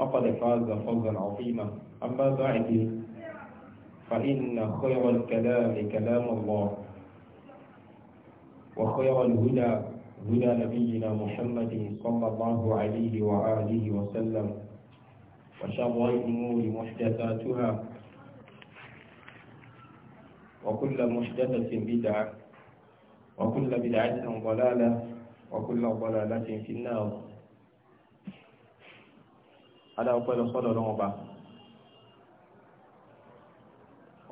فقد فاز فوزا عظيما أما بعد فإن خير الكلام كلام الله وخير الهدى هدى نبينا محمد صلى الله عليه وآله وسلم وشر الأمور محدثاتها وكل محدثة بدعة وكل بدعة ضلالة وكل ضلالة في النار adáwọ̀pẹ́ lọ sọ́dọ̀ lọ́wọ́ ọba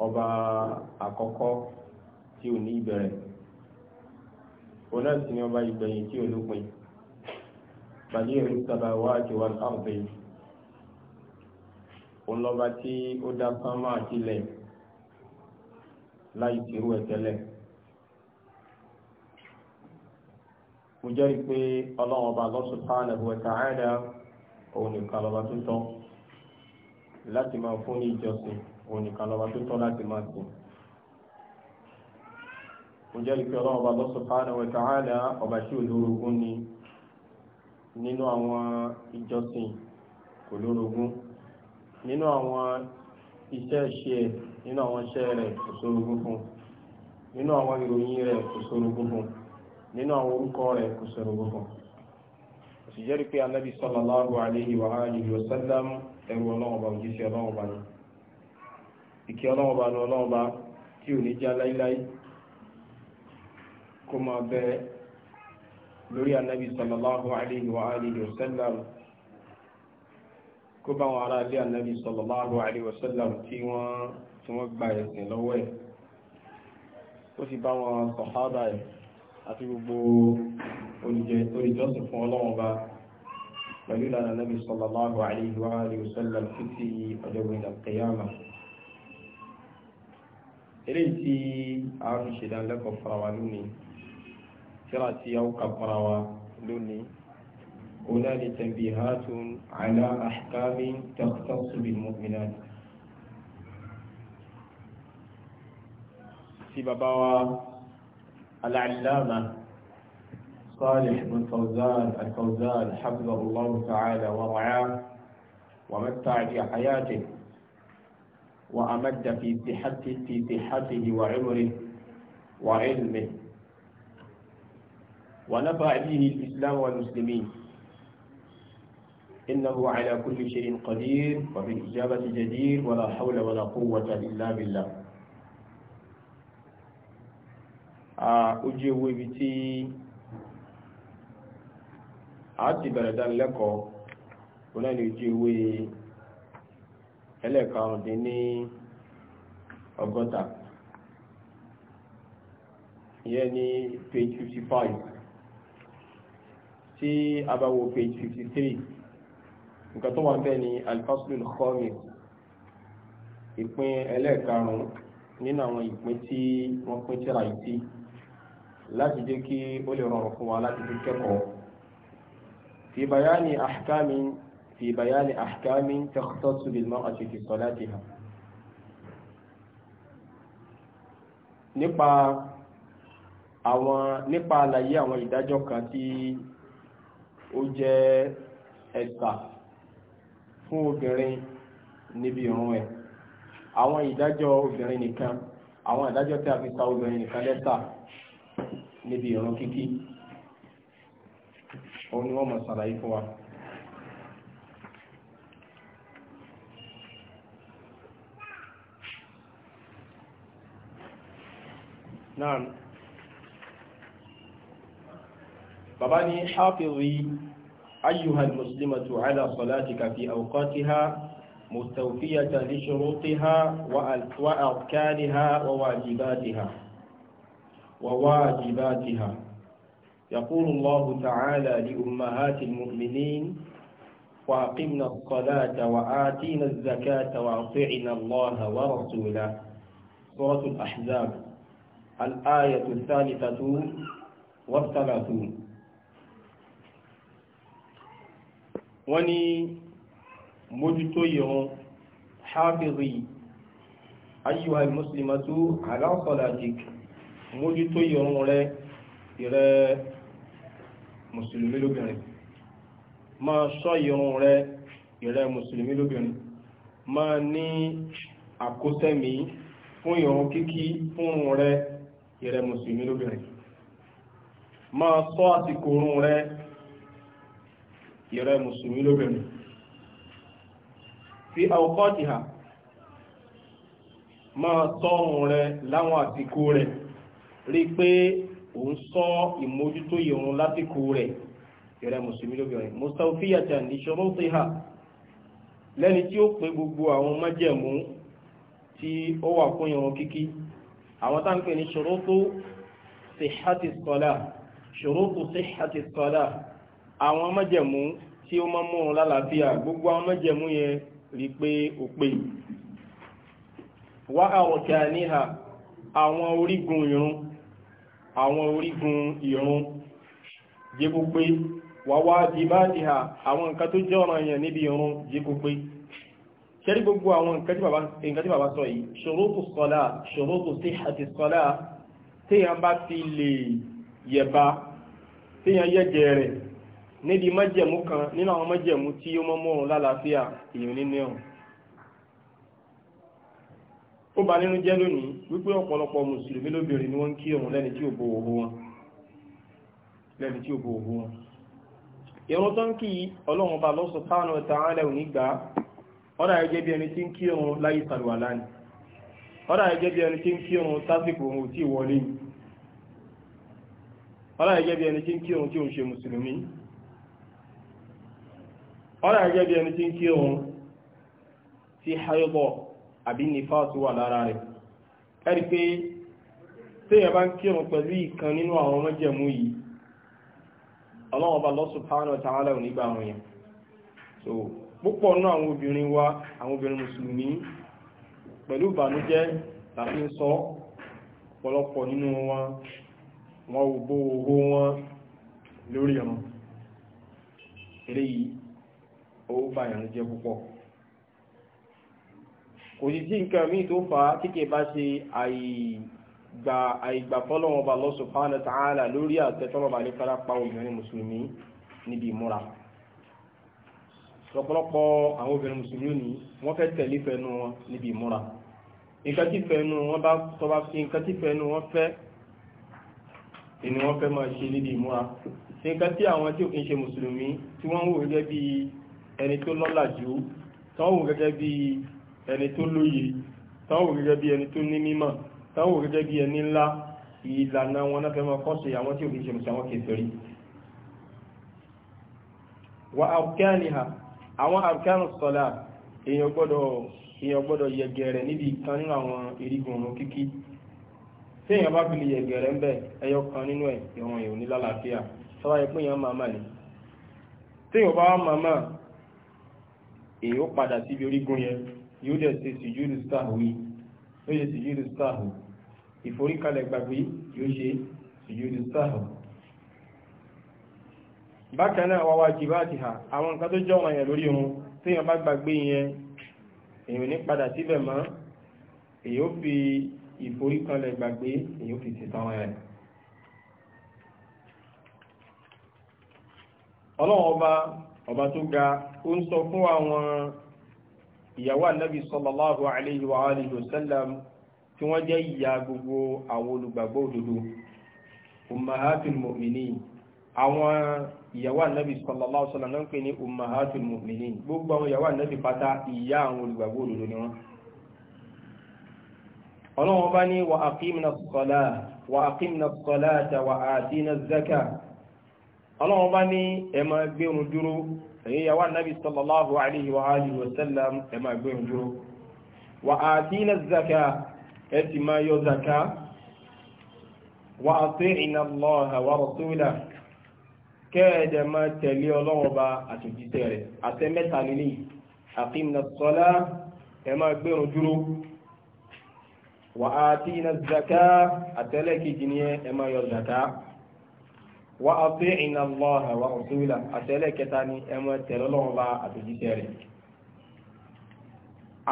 ọba àkọ́kọ́ tí ò ní ìbẹ̀rẹ̀ òun náà sì ni ọba ìgbẹ̀yìn tí ò lópin bàdí ẹ̀rí sábà wá àti wà láàbẹ̀ òun lọ́ba tí ó dá sánmà àti ilẹ̀ láì tìrú ẹ̀ tẹ́lẹ̀ mo jẹ́rìí pé ọlọ́run ọba Allah subhanahu wa ta'ala òun nìkan lọ́ba tó tọ́ láti máa fún ní ìjọsìn òun nìkan lọ́ba tó tọ́ láti máa sìn. mo jẹ́rìí pé ọlọ́run ọba subhanahu wa ọba olórogún ni nínú àwọn ìjọsìn kò nínú àwọn iṣẹ́ ṣe ẹ̀ nínú àwọn iṣẹ́ rẹ̀ kò sórogún fún nínú àwọn ìròyìn rẹ̀ kò sórogún ìjẹ́rìí pé anábì sallallahu alayhi wa alihi wa sallam ẹrù ọlọ́ọ̀bá òjíṣẹ́ ọlọ́ọ̀bá ni ìkẹ́ ọlọ́ọ̀bá ni ọlọ́ọ̀bá tí ò ní já láíláí kó máa bẹ lórí anábì sallallahu alayhi wa alihi wa sallam kó bá wọn ará ilé anábì sallallahu alayhi wa sallam tí wọ́n gba ẹ̀sìn lọ́wọ́ ẹ̀ ó sì bá wọn ẹ̀ àti gbogbo olùjọsìn fún ọlọ́run bá pẹ̀lú ìlànà Nabi sallallahu alaihi wa alihi wasallam títí ọjọ́ ìgbìyànjú kẹyàmà eléyìí tí a ń ṣe dánilẹ́kọ̀ọ́ fara wa lónìí tíra tí a ó kà fara lónìí òun náà ni tanbihatun ala ahkamin takhtassu bil mu'minat tí bàbá wa العلامة صالح بن فوزان الفوزان حفظه الله تعالى ورعاه ومتع في حياته وأمد في صحته في صحته وعمره وعلمه ونفع به الإسلام والمسلمين إنه على كل شيء قدير وبالإجابة جدير ولا حول ولا قوة إلا بالله ojú ewé ibi tí a ti bẹ̀rẹ̀ dánilẹ́kọ̀ọ́ òun náà ojú ewé ẹlẹ́ẹ̀karùndín ọgọ́ta ìyẹn ní page fifty five tí a bá wo page fifty three nǹkan tó wà bẹ́ẹ̀ ni alifasulul khamis ìpín ẹlẹ́ẹ̀karùn-ún nínú àwọn ìpín tí wọ́n pín tíra yìí sí láti jẹ́ kí ó lè rọrùn fún wa láti fi kẹ́kọ̀ọ́ fi bayani ahkamin fi bayani ahkamin takhtassu bil mar'ati fi salatiha nípa àwọn nípa àlàyé àwọn ìdájọ́ kan tí ó jẹ́ ẹ̀ka fún obìnrin níbi ìrun ẹ̀ àwọn ìdájọ́ obìnrin nìkan àwọn ìdájọ́ tí a fi ta obìnrin nìkan lẹ́tà níbi ìran kíkí òun ni wọ́n mọ̀ sàlàyé fún wa. náà bàbá ní ayúhà mùsùlùmí mùsùlùmí tó sọ̀lá ti ti kàfí àwùkọ́ ha hafizi ayyuha al-muslimatu ala salatika ha wà wà jìbá ti ha. وواجباتها يقول الله تعالى لأمهات المؤمنين وأقمنا الصلاة وآتينا الزكاة وأطعنا الله ورسوله سورة الأحزاب الآية الثالثة والثلاثون وني مجتيهم حافظي أيها المسلمة على صلاتك mójútó ìrun rẹ ìrẹ mùsùlùmí lóbìnrin máa ṣọ́ ìrun rẹ ìrẹ mùsùlùmí lóbìnrin máa ní àkósẹ́mí fún ìrun kíkí fún rẹ ìrẹ mùsùlùmí lóbìnrin máa ṣọ́ àsìkò ìrun rẹ ìrẹ mùsùlùmí lóbìnrin fi àwòkọ́ ti hà máa ṣọ́ ìrun rẹ láwọn àsìkò rẹ̀ rí i pé òun sọ ìmójútó ìrun lásìkò rẹ̀ ìrẹ́ mùsùlùmí lóbìnrin mustafiyatan ní shurutiha lẹ́ni tí ó pé gbogbo àwọn májẹ̀mú tí ó wà fún ìrun kíkí àwọn tá ń pè ní shurutu sihhati salah shurutu sihhati salah àwọn májẹ̀mú tí ó máa mú lálàáfíà gbogbo àwọn májẹ̀mú yẹn rí pé ó pé wá àrọ̀kẹ́ àníhà àwọn orígun ìrun àwọn orígun ìrun jẹ́ kó pé wàwá ìbáàdìhà àwọn nǹkan tó jẹ́ ọ̀ràn yẹn níbi ìrun jẹ́ kó pé ṣẹ́rí gbogbo àwọn nǹkan tí bàbá sọ yìí ṣòrókù sọ́lá ṣòrókù sí àti sọ́lá téèyàn bá fi lè yẹ̀ba téèyàn yẹ̀jẹ̀ rẹ̀ níbi májẹ̀mú kan nínú àwọn májẹ̀mú tí ó mọ́ mọ́rún lálàáfíà èèyàn nínú ẹ̀hùn ó nínú jẹ́ lónìí wípé ọ̀pọ̀lọpọ̀ mùsùlùmí lóbìnrin ni wọ́n ń kí òun lẹ́ni tí ò bo wọn lẹ́ni tí ò bo wọn. tó ń kí ọlọ́run lọ́sọ̀ alẹ́ òní gbà á ọ̀dà àbí nífàásù wà lára rẹ̀ ẹ̀rí pé téèyàn bá ń kírun pẹ̀lú ìkan nínú àwọn májẹ̀mú yìí ọlọ́run bá Allah subhanahu wa ta'ala ò nígbà àwọn yẹn so púpọ̀ náà àwọn obìnrin wa àwọn obìnrin mùsùlùmí pẹ̀lú ìbànújẹ́ tàbí ń sọ ọ̀pọ̀lọpọ̀ nínú wọn wọn ò bó owó wọn lórí ọ̀run eléyìí ó bá púpọ̀ kò sí sí nǹkan míì tó fà á tí kì í bá ṣe àìgbà àìgbà fọ́lọ́wọ́n ọba Allah subhanahu wa ta'ala lórí àtẹ́tọ́lọ́ ọba nípa pa obìnrin mùsùlùmí níbi ìmúra lọ́pọ̀lọpọ̀ àwọn obìnrin mùsùlùmí ni wọ́n fẹ́ tẹ̀lé fẹ́nu wọn níbi ìmúra nǹkan tí fẹ́nu wọn bá tọ́ba nǹkan tí fẹ́nu wọn fẹ́ àwọn tí ò ṣe mùsùlùmí tí wọ́n wò gẹ́gẹ́ bí ẹni tó lọ́lá jù tọ́wọ́ gẹ́gẹ́ bí ẹni tó lóye táwọn wò gẹ́gẹ́ bí ẹni tó ní mímọ̀ táwọn gẹ́gẹ́ bí ẹni ńlá ìlànà wọn náà fẹ́ máa kọ́ àwọn tí ò kì ṣe àwọn àwọn arkanu sọ́lá èèyàn gbọ́dọ̀ èèyàn gbọ́dọ̀ yẹgẹrẹ níbi nínú erigun ọ̀run kíkí tí èèyàn bá fi lè yẹgẹrẹ ń ẹyọ kan nínú ẹ̀ ìwọ̀n èèyàn sọ́wọ́ pé èèyàn tí èèyàn bá yóò dẹ̀ ṣe sùjúdù sáhùn yìí yóò ṣe sùjúdù sáhùn ìforíkalẹ̀ gbàgbé yóò ṣe sùjúdù sáhùn. bákan náà wàá wájú bá ti hà àwọn nǹkan tó jẹ́ ọ̀ràn yẹn lórí irun téèyàn bá gbàgbé yẹn èèyàn ní padà síbẹ̀ mọ́ èèyàn ó fi ìforíkalẹ̀ gbàgbé èèyàn ó fi ṣètàn rẹ̀. ọlọ́run ọba ọba tó ga ó ń sọ fún àwọn ìyàwó ànábì sallallahu alayhi wa alihi wa sallam tí wọ́n jẹ́ ìyá gbogbo àwọn olùgbàgbọ́ òdodo ummahatul mu'minin àwọn ìyàwó ànábì sallallahu alayhi wa sallam náà ń pè ní ummahatul mu'minin gbogbo àwọn ìyàwó ànábì pátá ìyá àwọn olùgbàgbọ́ òdodo ni wọ́n ọlọ́wọ́n bá ní wà àkímìnà sọ́lá wà àkímìnà sọ́lá àtàwà àti iná zaka ọlọ́wọ́n bá ní ẹ máa gbérun dúró ẹ̀yin ìyàwó ànábì sallallahu alayhi wa alihi wa sallam ẹ máa gbé ìdúró wa atina zaka ẹ ti máa yọ zaka wa ati'na Allah wa rasulahu kẹ́ẹ̀dẹ̀ máa tẹ̀lé ọlọ́wọ́ bá àtòjíṣẹ́ rẹ̀ àtẹ mẹ́ta nílé àkínà sọ́lá ẹ máa gbẹ̀rún dúró wà á tí iná zaka àtẹ́lẹ̀ kejì ẹ máa yọ zaka wa ati'na Allaha wa rasulahu àtẹ́lẹ̀ kẹta ni ẹmọ tẹ̀lọ́lọ́wọ́ bá àtòjíṣẹ́ rẹ̀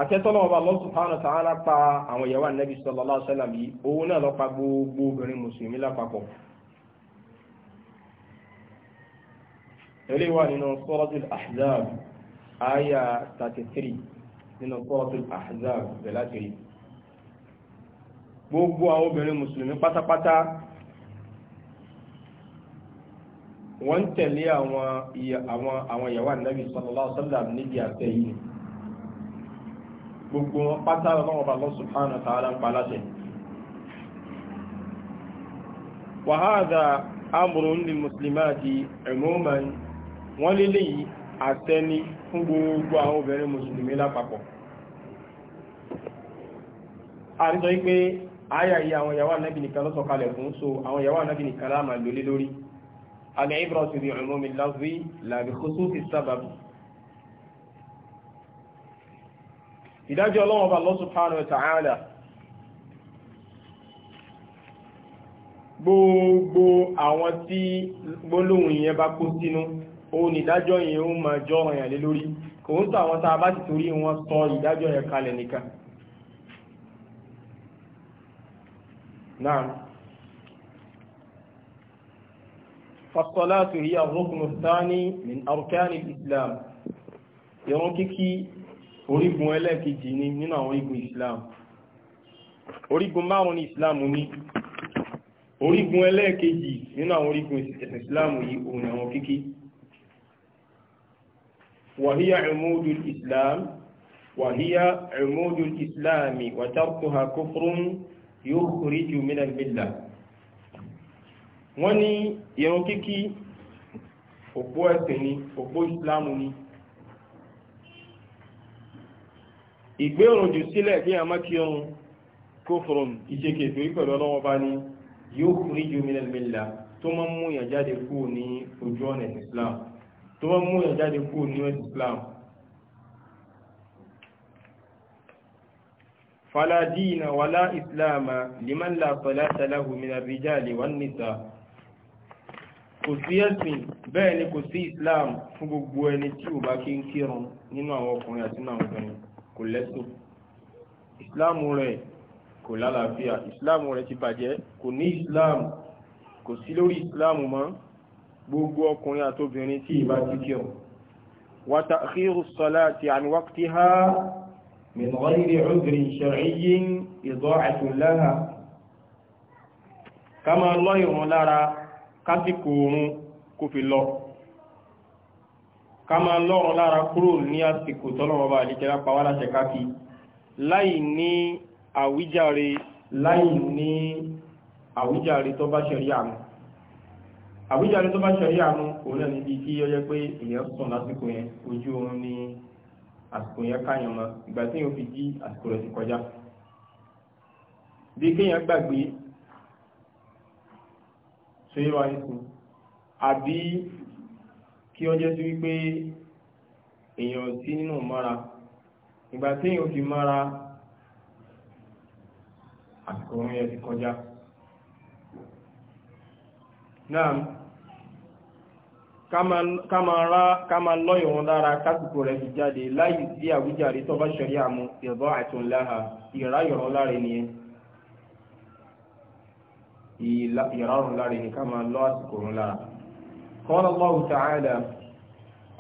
àtẹ́tọ́lọ́wọ́ bá Allah subhanahu wa ta'ala pa àwọn ìyàwó ànábì sallallahu alaihi wasallam yìí owó náà lọ pa gbogbo wọ́n tẹ̀lé àwọn àwọn àwọn ìyàwó ànábì sallallahu alaihi níbi àtẹ yìí gbogbo wọn pátá ọlọ́wọ́ bá wa ń pa láṣẹ. wa hadha amrun lil muslimati umuman wọ́n lélẹ̀ yìí àtẹni fún gbogbo àwọn obìnrin mùsùlùmí lápapọ̀. a ti sọ àwọn ìyàwó ànábì nìkan ló fún so àwọn ìyàwó العبرة بعموم اللفظ لا بخصوص السبب إذا ọlọ́wọ́ الله Allah subhanahu wa ta'ala gbogbo àwọn tí gbólóhùn yẹn bá kó sínú òun ìdájọ́ yẹn ó máa jọ ọ̀yàn lé lórí kò ń tọ́ àwọn tá a bá ti torí wọn sọ ìdájọ́ yẹn kalẹ̀ nìkan náà فالصلاة هي الركن الثاني من أركان الإسلام يروكيكي أريد مؤلاء جيني من أريد الإسلام أريد مارون إسلام مني أريد مؤلاء في جيني من أريد الإسلام يروكيكي وهي عمود الإسلام وهي عمود الإسلام وتركها كفر يخرج من المله wọ́n ní irun kíkí òpó ẹ̀sìn ni òpó ìsìláàmù ni ìgbé òrùn jù sílẹ̀ kí a má kí irun kó fòrùn ìṣekè ìfèrí pẹ̀lú ọlọ́wọ́ bá ní yóò fúrí ju mílẹ̀mílà tó máa ń mú yàn kú ní ojú ọ̀nà islam tó máa mú yàn kú ní islam fala wala islama liman la salata lahu min ar wan nisa kò sí ẹ̀sìn bẹ́ẹ̀ ni kò sí islam fún gbogbo ẹni tí ò bá kí ń kírun nínú àwọn ọkùnrin àti nínú àwọn obìnrin kò lẹ́sìn islam rẹ̀ kò lálàáfíà islam rẹ̀ ti bàjẹ́ kò ní islam kò sí lórí islam mọ́ gbogbo ọkùnrin àti obìnrin tí ìbá ti kírun wa ta'khiru salati an waqtiha min ghayri 'udrin shar'iyyin idha'atun laha ká máa lọ́ kásìkò oorun kó fi lọ ká máa lọ́rùn lára kúrò ní àsìkò tọ́lọ́wọ́ bá àdíjẹ́ lápá wá láṣẹ káàkì láì ní àwíjàre láì ní àwíjàre tó bá ṣẹ̀rí àmú àwíjàre tó bá ṣẹ̀rí àmú òun náà níbi kí ó jẹ́ pé èèyàn sùn lásìkò yẹn ojú oorun ní àsìkò yẹn káyàn mọ́ ìgbà fi jí àsìkò rẹ̀ ti kọjá bí kéèyàn gbàgbé tó yíwa ìsìn àbí kí ó jẹ́ sí wípé èèyàn sí nínú mọ́ra ìgbà tí èèyàn fi mọ́ra àsìkò orin ẹ̀ ti kọjá náà ká máa lọ́yọ̀ wọn lára kásìkò rẹ̀ fi jáde láì sí àwíjàre tó bá ṣẹ̀rí àmú ìrọ̀ àtúnláha ìráyọ̀rọ̀ lára ènìyàn ìrọ̀rùn láre ní ká máa lọ àsìkò rún lára qala Allahu ta'ala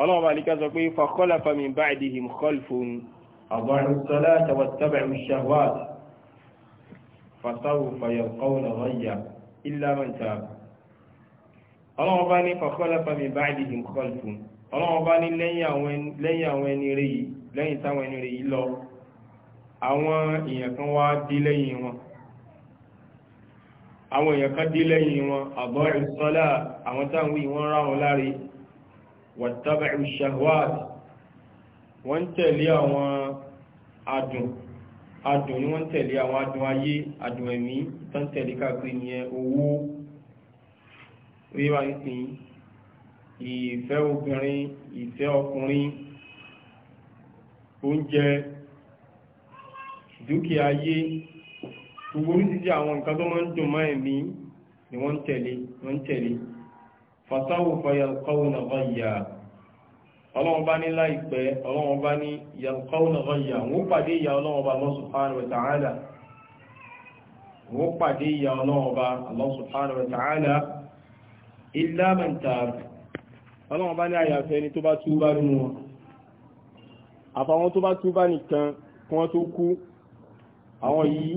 ọlọ́run bá níkà sọ pé fakhalafa min ba'dihim khalfun adha'u as-salata wattaba'u ash-shahawat fasawfa yalqawna ghayya illa man tab ọlọ́run bá ní fakhalafa min ba'dihim khalfun ọlọ́run bá ní lẹ́yìn àwọn ẹni rẹ̀ èèyàn kan wá dé lẹ́yìn wọn àwọn èèyàn kan dé lẹ́yìn wọn àbọ̀ ìsọ́lá àwọn táwọn ìwọ̀n rá wọn láre wàtàbà ìṣàwád wọ́n tẹ̀lé àwọn adùn adùn ni wọ́n tẹ̀lé àwọn adùn ayé adùn ẹ̀mí tán tẹ̀lé káàkiri nìyẹn owó ríra ìsìn ìfẹ́ obìnrin ìfẹ́ ọkùnrin oúnjẹ dúkìá ayé gbogbo oríṣiríṣi àwọn nǹkan tó máa ń dùn mọ́ ẹ̀mí ni wọ́n ń tẹ̀lé wọ́n ń tẹ̀lé fasáwò fayalkọ́wò na ọ̀yà ọlọ́run bá ní láìpẹ́ ọlọ́run bá ní yalkọ́wò na ọ̀yà wọ́n pàdé ìyà ọlọ́run bá Allah subhanahu wa ta'ala bá ní àyàfẹ́ ni tó bá túbá nínú wọn àwọn yìí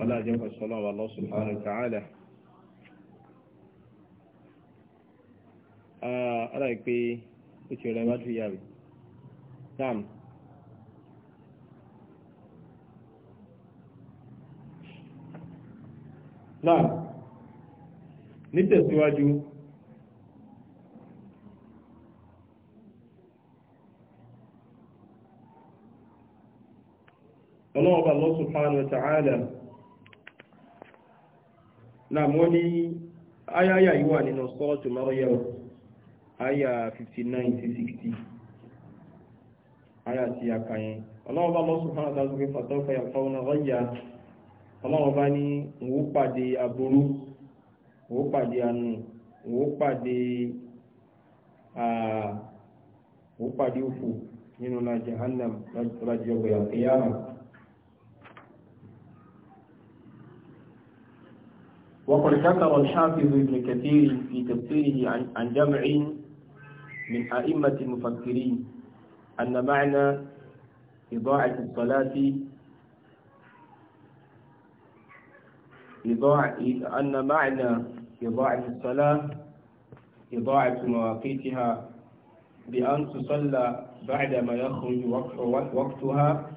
ọlá jẹ́kọ̀ sọ́lọ́ wa Allah subhanahu wa ta'ala ọlá ah, ìpé ó ti rẹ̀ wájú ìyá rẹ̀ dáàmù náà nítẹ̀síwájú ọlọ́ọ̀bà Allah subhanahu wa na wọ́n ní ayáyà yìí wà nínú sọ́ọ̀tù Maryam 59 60 a kà yẹn ọlọ́wọ́ bá lọ́sùn fún àtàzù pé fàtọ́fẹ́ àfọ́nà rọ́yà ọlọ́wọ́ bá ní wò pàdé aburú wò pàdé na jahannam ya. وقد ذكر الحافظ ابن كثير في تفسيره عن جمع من أئمة المفكرين أن معنى إضاعة الصلاة إضاع أن معنى إضاعة الصلاة إضاعة مواقيتها بأن تصلى بعدما يخرج وقتها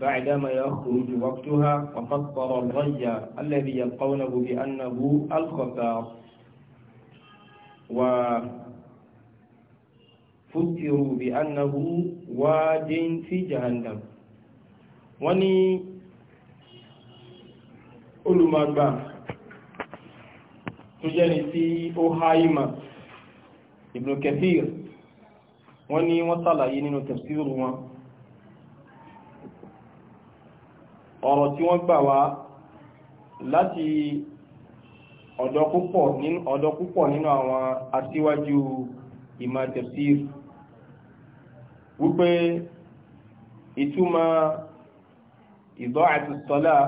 بعدما يخرج وقتها وفطر الغي الذي يلقونه بأنه الخطار وفتروا بأنه واد في جهنم وني أولو مربع تجري في أوهايما ابن كثير وني وصل ينين تفسيره ọ̀rọ̀ tí wọ́n gbà wá láti ọ̀dọ̀ púpọ̀ nínú àwọn aṣíwájú ìmọ̀ tafsir wípé ìtumọ̀ ida'ati s-salah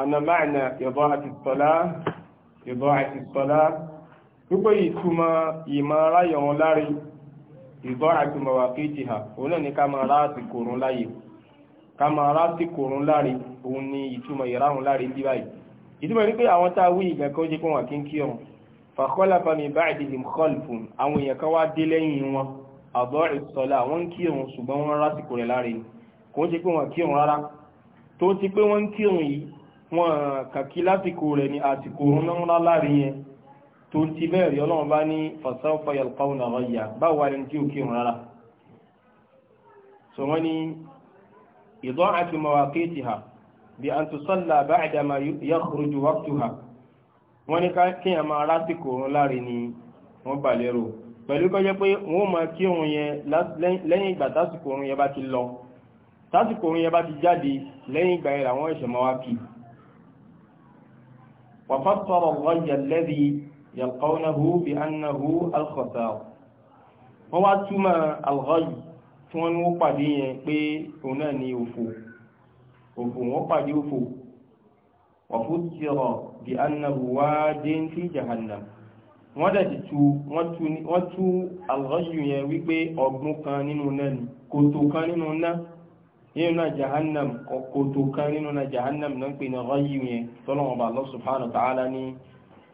ana ma'na ida'ati s-salah ida'ati s-salah wípé ìtumọ̀ ìmọ̀ ráyọ̀ wọn lárí ida'ati mawaqitiha òun náà ní ká máa rá àsìkò òun láyè kama máa rásìkò òrùn láre òun ni ìtumọ̀ ìráhùn láre ń bí báyìí ìtumọ̀ ní pé àwọn tá a wí ìgbà kan ó jẹ́ pé wọn kí ń kí ọ̀run fakhalafa min ba'dihim khalfun àwọn èèyàn kan wá dé lẹ́yìn wọn àbọ̀ ìsọ̀lá wọ́n ń kírun ṣùgbọ́n wọ́n rásìkò rẹ̀ láre ni kò ń ṣe pé wọ́n kírun rárá tó ti pé wọ́n ń kírun yìí wọ́n kàkí lásìkò إضاعة مواقيتها بأن تصلى بعدما يخرج وقتها wọ́n ní kí a máa lásìkò òun láre ni wọ́n bà lérò pẹ̀lú kọjẹ́ pé wọ́n máa kí òun yẹn lẹ́yìn ìgbà tásìkò òun yẹn bá ti lọ tásìkò òun yẹn bá ti jáde lẹ́yìn ìgbà yẹn làwọn ẹ̀ṣẹ̀ máa wá kì وفسر الري الذي يلقونه بأنه الخسار wọ́n wá الغي tí wọ́n ní wọ́n pàdé yẹn pé òun náà ní òfò òfò wọ́n pàdé òfò ọ̀fò ti rọ̀ bí annahu wadin fi jahannam wọ́n dẹ̀ ti tu wọ́n tú alghashu yẹn wípé ọ̀gbun kan nínú náà ni kòtò kan nínú náà nínú náà jahannam kòtò kan nínú náà jahannam náà pè ní ghashu yẹn tọ́lọ́wọ́n bá Allah subhanahu wa ta'ala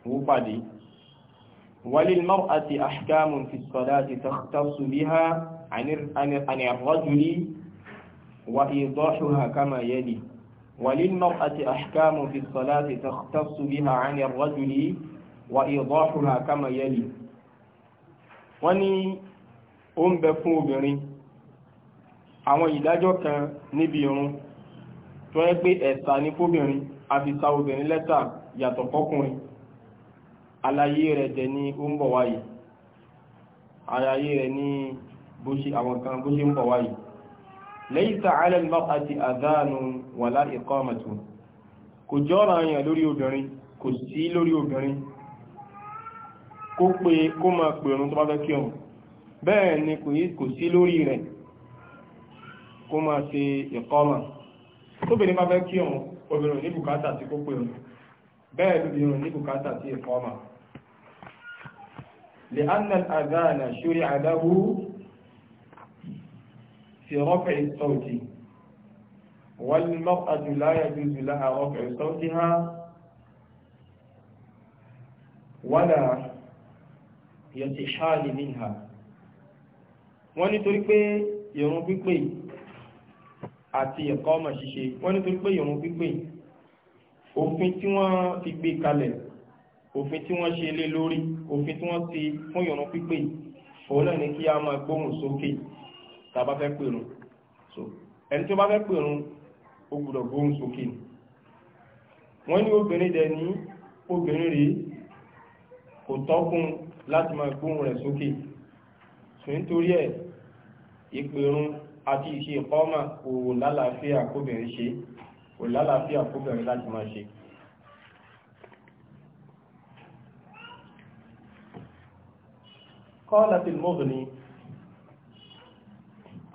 wọ́n pàdé walil mar'ati ahkamun fi salati takhtassu biha عن الرجل وإيضاحها كما يلي وللمرأة أحكام في الصلاة تختص بها عن الرجل وإيضاحها كما يلي وني أم بفوبري àwọn ìdájọ́ kan níbi irun tó yẹ pé ẹ̀sà ní fóbìnrin àfisà obìnrin lẹ́tà yàtọ̀ fọ́kùnrin àlàyé rẹ̀ jẹ́ ní ó ń bọ̀ wáyé àlàyé rẹ̀ ní bó ṣe àwọn kan bó ṣe ń bọ̀ wáyìí laysa 'ala al-mar'ati adhanun wala iqamatun kò jọ́ra yàn lórí obìnrin kò sí lórí obìnrin kó pé kó máa pèrún tó bá fẹ́ kírun bẹ́ẹ̀ ni kò sí lórí rẹ̀ kó máa ṣe ìkọ́mà tóbìnrin bá fẹ́ kírun obìnrin ní bùkátà tí kó pèrún bẹ́ẹ̀ lóbìnrin ní bùkátà tí ìkọ́mà li'anna al-adhana shuri'a lahu في رفع الصوت والمرأة لا يجوز لها رفع صوتها ولا يتحال منها wọ́n nítorí pé ìrun pípè àti ẹ̀kọ́ ọmọ ṣíṣe wọ́n nítorí pé ìrun pípè òfin tí wọ́n fi gbé kalẹ̀ òfin tí wọ́n ṣe lé lórí òfin tí wọ́n ti fún ìrun pípè òun náà ni kí a máa gbóhùn sókè tá a bá fẹ́ pèrún so ẹni tó bá fẹ́ pèrún ó gbọ́dọ̀ gbóhùn sókè ni wọ́n ní obìnrin dẹ̀ ní obìnrin rèé kò tọ́kùn láti máa gbóhùn rẹ̀ sókè so nítorí ẹ̀ ìpèrún àti ìṣe ìkọ́mà kò lálàáfíà kóbìnrin ṣe kò lálàáfíà kóbìnrin láti máa ṣe قالت المغني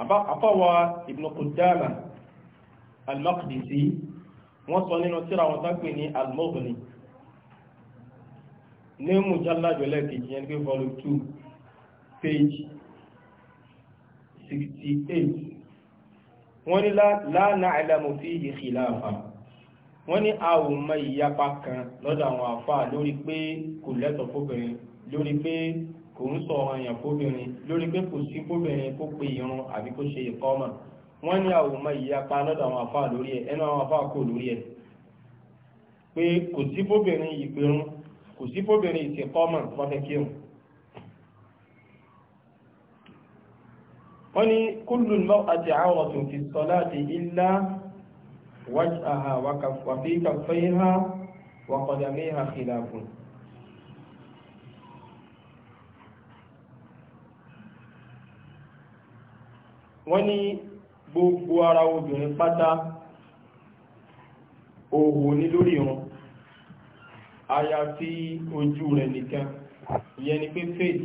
àfáwà Ibn Qudama al-Maqdisi wọ́n sọ nínú tírà wọn tán pè ní al-Mughni ní mujalladu lẹ́ẹ̀kejì yẹn ní pé volume two page sixty eight wọ́n ní la na'lamu fihi khilafa wọ́n ní a ò mọ ìyapa kan lọ́dọ̀ àwọn àfáà lórí pé kò lẹ́tọ̀ fóbìnrin lórí pé kò ń sọ ọ̀ràn èèyàn fóbìnrin lórí pé kò sí fóbìnrin kó pe irun àbí kó ṣe ìkọ́mà wọ́n ní àwòmọ́ ìyapa lọ́dọ̀ àwọn afá lórí ẹ̀ ẹnu àwọn afá kò lórí ẹ̀ pé kò sí fóbìnrin ìpirun kò sí fóbìnrin ìsìnkọ́mà wọ́n fẹ́ kírun ní kúlù lọ́ àti àwọn ọ̀tún fi sọ láti ilá wájú àhà wàkàfíkà fẹ́ ha kìlà wọ́n ní gbogbo ara obìnrin pátá òhò ní lórí wọn àyàfi ojú rẹ̀ nìkan ìyẹn ni pé faith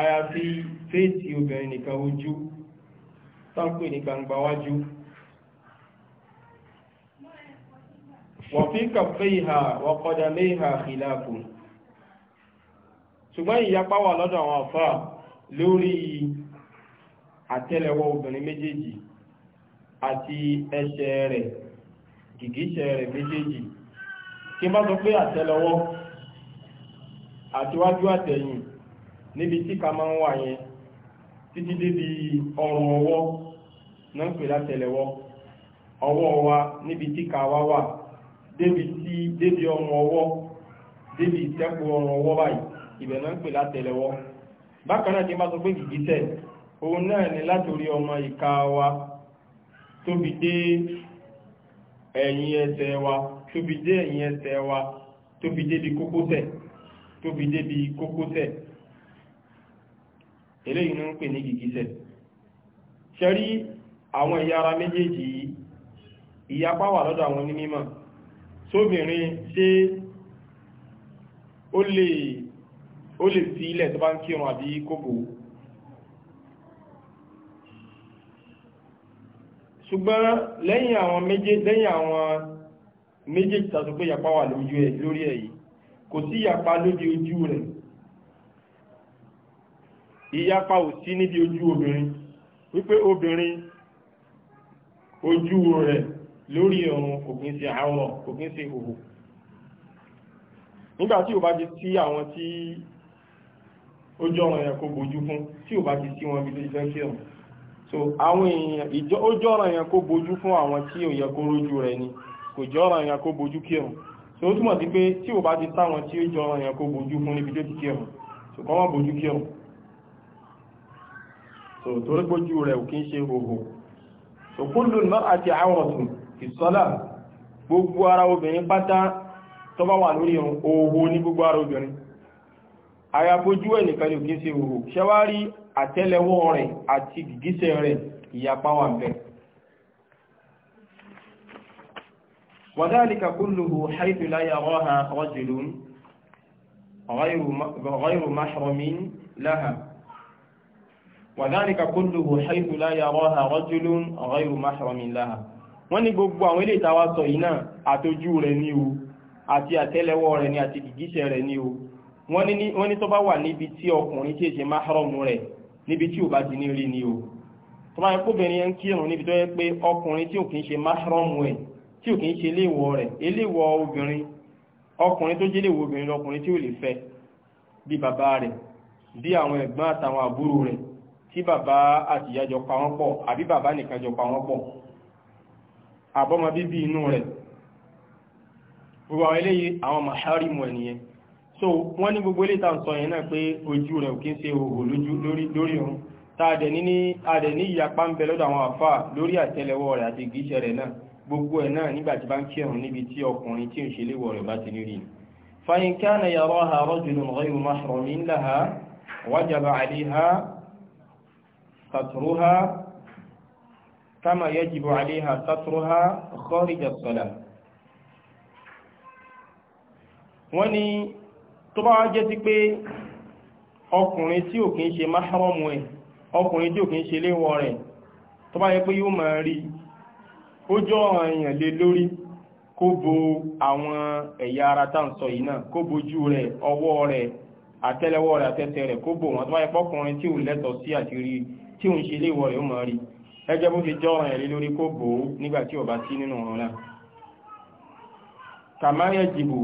àyàfi faith obìnrin nìkan ojú tánkù ní gbangba wájú wọ̀fí kàfẹ́ ìhà wọ̀kọ̀dà lé ìhà ìlàkùn ṣùgbọ́n ìyapa wà lọ́dọ̀ àwọn àfáà lórí àtẹ́lẹwọ́ obìnrin méjèèjì àti ẹsẹ̀ rẹ̀ gìgísẹ̀ rẹ̀ méjèèjì kí n bá sọ pé àtẹ́lẹwọ́ àtiwájú àtẹ̀yìn níbi tí ká máa ń wà yẹn títí débi ọrùn ọwọ́ náà pè látẹ́lẹwọ́ ọwọ́ wa níbi tí ká wá wà débi tí débi ọrùn ọwọ́ débi ìtẹ́kù ọrùn ọwọ́ báyìí ibẹ̀ náà ń pè látẹ́lẹwọ́ bákan náà ti máa sọ pé gìgísẹ̀ òun náà ni ọmọ ìka wa tóbi dé ẹ̀yìn ẹsẹ̀ wa tóbi dé ẹ̀yìn ẹsẹ̀ wa tóbi dé bí kókósẹ̀ tóbi dé bí kókósẹ̀ pè ní gìgísẹ̀ ṣẹ́rí àwọn méjèèjì yìí ìyapá wà lọ́dọ̀ àwọn onímọ̀ sóbìnrin ṣé ó ó lè fi ilẹ̀ tó bá ń kírun àbí kókò ṣùgbọ́n lẹ́yìn àwọn méjèèjì lẹ́yìn àwọn méjèèjì tàbí pé yapa wà lójú ẹ̀ lórí ẹ̀ yìí kò sí yapa lójú ojú rẹ̀ ìyapa ò sí níbi ojú obìnrin wípé obìnrin ojú rẹ̀ lórí ọ̀run kò kí ń ṣe àwọ̀ kò kí ń ṣe òhò nígbàtí ò bá ti sí àwọn tí ó jọ ọ̀ràn yẹn kó bójú fún tí ò bá ti sí wọn bí tó ti fẹ́ so àwọn èèyàn ìjọ ó jọ ọ̀ràn yẹn kó bójú fún àwọn tí ò yẹ kó rójú rẹ̀ ni kò jọ ọ̀ràn yẹn kó bójú kí so ó túmọ̀ sí pé tí ò bá ti sáwọn tí ó jọ ọ̀ràn yẹn kó bójú fún níbi tó ti kí so kọ́ wọ́n bójú kí so torí bójú rẹ̀ ò kí ń ṣe hòhò so kullu mar'ati awratun fi salah gbogbo ara obìnrin pátá tó bá wà lórí ohun òhò ní gbogbo ara obìnrin àyàfojú ẹ̀ nìkan ló kí ṣe òhò ṣẹwárí àtẹ́lẹwọ́ rẹ̀ àti gìgísẹ̀ rẹ̀ ìyapa wà bẹ̀. wàdálìkà kulluhu haythu la yaraha rajulun ghayru mahramin laha wàdálìkà kulluhu haythu la yaraha rajulun ghayru mahramin wọ́n ní gbogbo àwọn ilé ìtawà sọ yìí náà rẹ̀ ní o àti àtẹ́lẹwọ́ rẹ̀ ní àti gìgísẹ̀ rẹ̀ ní o wọ́n ní tó bá wà níbi tí ọkùnrin tí èṣe máhárọ̀mù rẹ̀ níbi tí ò bá ti ní rí ni o tó bá yẹ kóbìnrin yẹn ń kírun níbi tó yẹ pé ọkùnrin tí ò kì í ṣe máhárọ̀mù ẹ̀ tí ò kì í ṣe léèwọ̀ rẹ̀ eléèwọ̀ obìnrin ọkùnrin tó jẹ́ léèwọ̀ obìnrin lọkùnrin tí ò lè fẹ́ bí bàbá rẹ̀ bí àwọn ẹ̀gbọ́n àtàwọn àbúrò rẹ̀ tí bàbá àtìyá pa wọ́n pọ̀ àbí bàbá nìkan jọ pa wọ́n pọ̀ àbọ́mọ bíbí inú rẹ̀ gbogbo àwọn eléyìí àwọn màhárìmù ẹ̀ nìyẹn so wọ́n ní gbogbo eléta sọ yẹn náà pé ojú rẹ̀ ò kí ń ṣe òhò lórí òun tààdẹ̀ ní ìyapa ń bẹ lọ́dọ̀ àwọn àfà lórí àtẹ́lẹwọ́ rẹ̀ àti gíṣẹ́ rẹ̀ náà gbogbo ẹ̀ náà nígbàtí bá ń kírun níbi tí ọkùnrin tí ò ṣe léwọ̀ rẹ̀ bá ti ní rí ni فإن كان يراها غير محرم لها وجب عليها سترها كما يجب عليها سترها خارج الصلاة وني tó bá jẹ́ sí pé ọkùnrin tí ò kí ń ṣe máhárọ̀mù ẹ̀ ọkùnrin tí ò kí ń ṣe léwọ rẹ̀ tó bá yẹ pé yóò máa rí ó jọ èèyàn lé lórí kó bo àwọn ẹ̀yà ara tá ń sọ yìí náà kó bojú rẹ̀ ọwọ́ rẹ̀ àtẹ́lẹwọ́ rẹ̀ àtẹ́tẹ́ rẹ̀ kó bò wọ́n tó bá yẹ pé ọkùnrin tí ò lẹ́tọ̀ọ́ sí àti rí tí ò ń ṣe léwọ rẹ̀ ó máa rí ẹjẹ́ bó ṣe jọ èèyàn lé lórí kó bò ó nígbà tí ó sí nínú ọ̀run náà kàmáyẹ̀ jìbò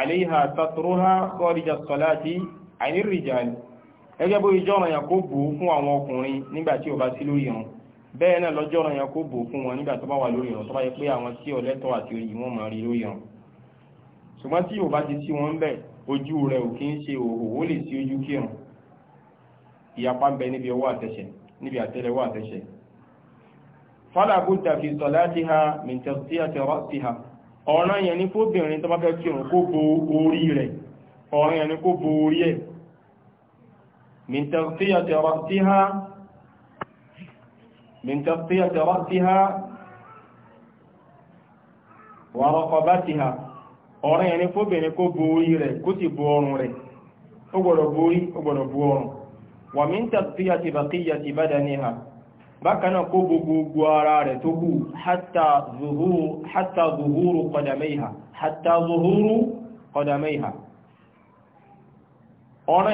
àléhà tàtúrúhá kọ́ríjà sọ́láti àìnírìjàlì gẹ́gẹ́ bó ijọ́ ọ̀rọ̀ yàn kó bò ó fún àwọn ọkùnrin nígbà tí ó bá sí lórí ìrun bẹ́ẹ̀ náà lọ́jọ́ ọ̀rọ̀ yàn kó bò ó fún wọn nígbà tó bá wà lórí ìrun tó bá yẹ pé àwọn tí ọlẹ́tọ̀ àti òyì wọn rí lórí ìrun ṣùgbọ́n tí ò ti sí wọn ń ojú rẹ̀ ò kí ń ṣe òhò lè sí ojú kírun ìyapa ń bẹ níbi ọwọ́ àtẹ̀ṣẹ̀ níbi àtẹ́lẹwọ́ àtẹ̀ṣẹ̀ fala budda fi salatiha min tasfiyati ra'siha ọ̀ràn yẹn ni fóbìnrin tó bá fẹ́ kó bo orí rẹ̀ ọ̀ràn yẹn ni kó orí ẹ̀ mìntàfíyàtì rásíhá wà rọ́kọ̀bátíhá ọ̀ràn yẹn ni fóbìnrin kó bo orí rẹ̀ kó sì bo ọrùn rẹ̀ ó gbọ́dọ̀ bo orí ó gbọ́dọ̀ bo ọrùn wà bákaná kó gbogbo ara rẹ̀ tó kú hátà zuhúrú kọdàmẹ́ha hátà zuhúrú kọdàmẹ́ha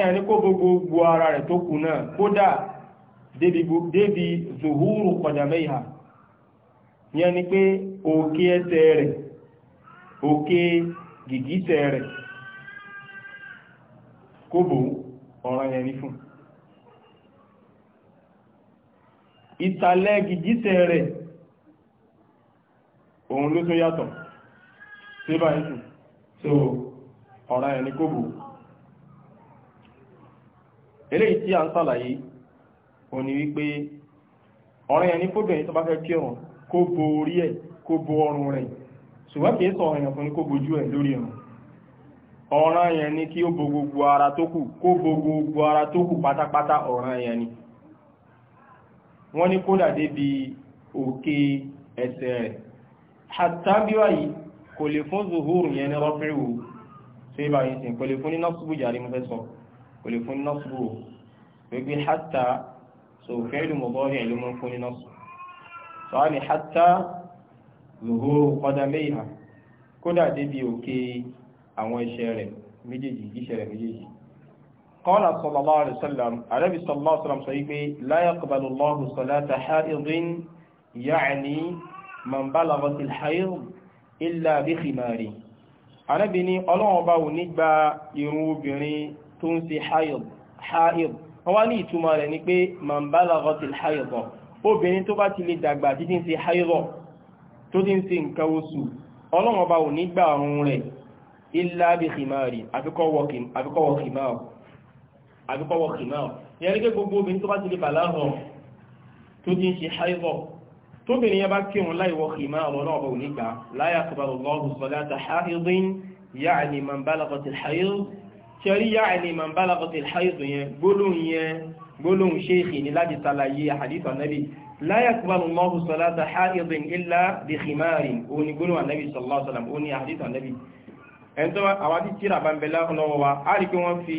yà ní kó gbogbo ara rẹ̀ tó kú náà kódà débi zuhúrú kọdàmẹ́ha fún ìsàlẹ̀ gìgísẹ̀ rẹ̀ òun ló tó yàtọ̀ tí so ọ̀rá ẹni kó bù a ń sàlàyé òun ni wípé ọ̀rá ẹni kó bẹ̀rẹ̀ tó bá fẹ́ kí ọ̀rùn ọrụ orí ẹ̀ kó ọrùn rẹ̀ ṣùgbọ́n kìí sọ ọ̀ràn wọ́n ní kódà débi òkè ẹsẹ̀ rẹ̀ hàtàbíwá yìí kò lè fún zuhur yẹn ní rọ́pìrìwò tó yíba yìí sin kò lè fún ní nọ́sùbù jàrí mo fẹ́ sọ kò lè fún ní nọ́sùbù gbogbo hàtà so fẹ́lú mọ̀bọ́ yẹn ló قال صلى الله عليه وسلم النبي صلى الله عليه وسلم صحيح لا يقبل الله صلاة حائض يعني من بلغت الحيض إلا بخماره النبي ني الله با وني gba ìrun obìnrin tó ń ṣe haid haid wọ́n ní ìtumọ̀ rẹ̀ ni pé man balaghat al haid obìnrin tó bá ti lè dàgbà tí tin ṣe haid tó tin ṣe nǹkan oṣù Ọlọ́run ba ò ní gba ìrun rẹ̀ illa bi khimari àfi kó wọ khimar àbí kọ́wọ́ kìmáà ìyẹn nígbà gbogbo obìnrin tó bá ti di bàláhọ̀ tó ti ń ṣe háìbọ̀ tóbìnrin yẹn bá kírun láì wọ kìmáà ọ̀rọ̀ náà bọ̀ nígbà láyà àkùbàrọ̀ lọ́hùn sọ̀dáta háìdín yáàni màmbálàkọ̀tì háìdù ṣẹ́rí yáàni màmbálàkọ̀tì háìdù yẹn gbólóhùn yẹn gbólóhùn ṣéèkì ni láti ṣàlàyé àhàdìsọ nábì láyà àkùbàrọ̀ lọ́hùn sọ̀dáta háìdín ilá bí kìmáàrin òní gbólóhùn ànábì sọ̀lá tíra bá ń bẹ rí pé wọ́n fi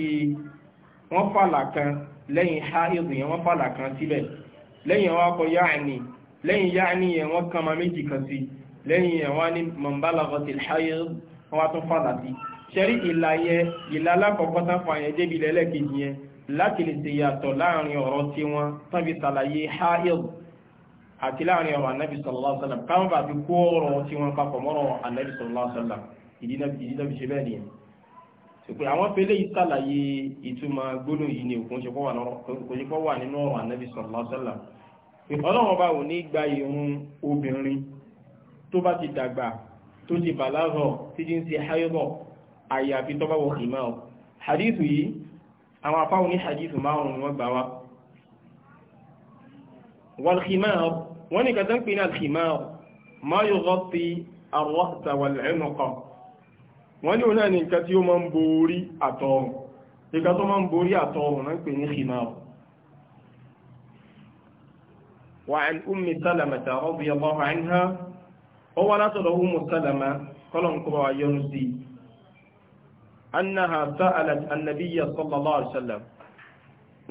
wọ́n fàlà kan lẹ́yìn háìdù yẹn wọ́n fàlà kan síbẹ̀ lẹ́yìn wọ́n akọ yáàni lẹ́yìn yáàni yẹn wọ́n kan ma méjì kan sí lẹ́yìn yẹn wọ́n ní mọ̀nbálàgọ́tì háìdù wọ́n wá tún fàlà sí ṣẹ́rí ìlà yẹn ìlà alákọ̀ọ́kọ́ tán fa yẹn débi lẹ́lẹ́kejì yẹn láti lè ṣe yàtọ̀ láàrin ọ̀rọ̀ tí wọ́n tán bẹ́ẹ̀ nìyẹn sùpè àwọn pélé yìí sàlàyé ìtumọ̀ gbólóhùn yìí ni òkun ṣe kọ́ wà nínú ọ̀rọ̀ ànábì sallallahu alaihi wasallam ọlọ́run bá wò ní gba ìrun obìnrin tó bá ti dàgbà tó ti bàlágọ̀ tí jí ń ṣe háyọ́bọ̀ àyàfi tó bá wọ ìmọ̀ ọ̀ hadithu yìí àwọn afáwọn ní hadithu márùn-ún wọ́n gbà wá wọ́n ní kàtàkì ní alkhimar ma yughatti wọ́n ní òun náà ni nǹkan tí ó máa ń bo orí àtọrùn nǹkan tó máa ń bo orí àtọrùn náà ń pè ní khimar وعن أم سلمة رضي الله عنها ولا تدعو أم سلمة قلن قرأ ينسي أنها سألت النبي صلى الله عليه وسلم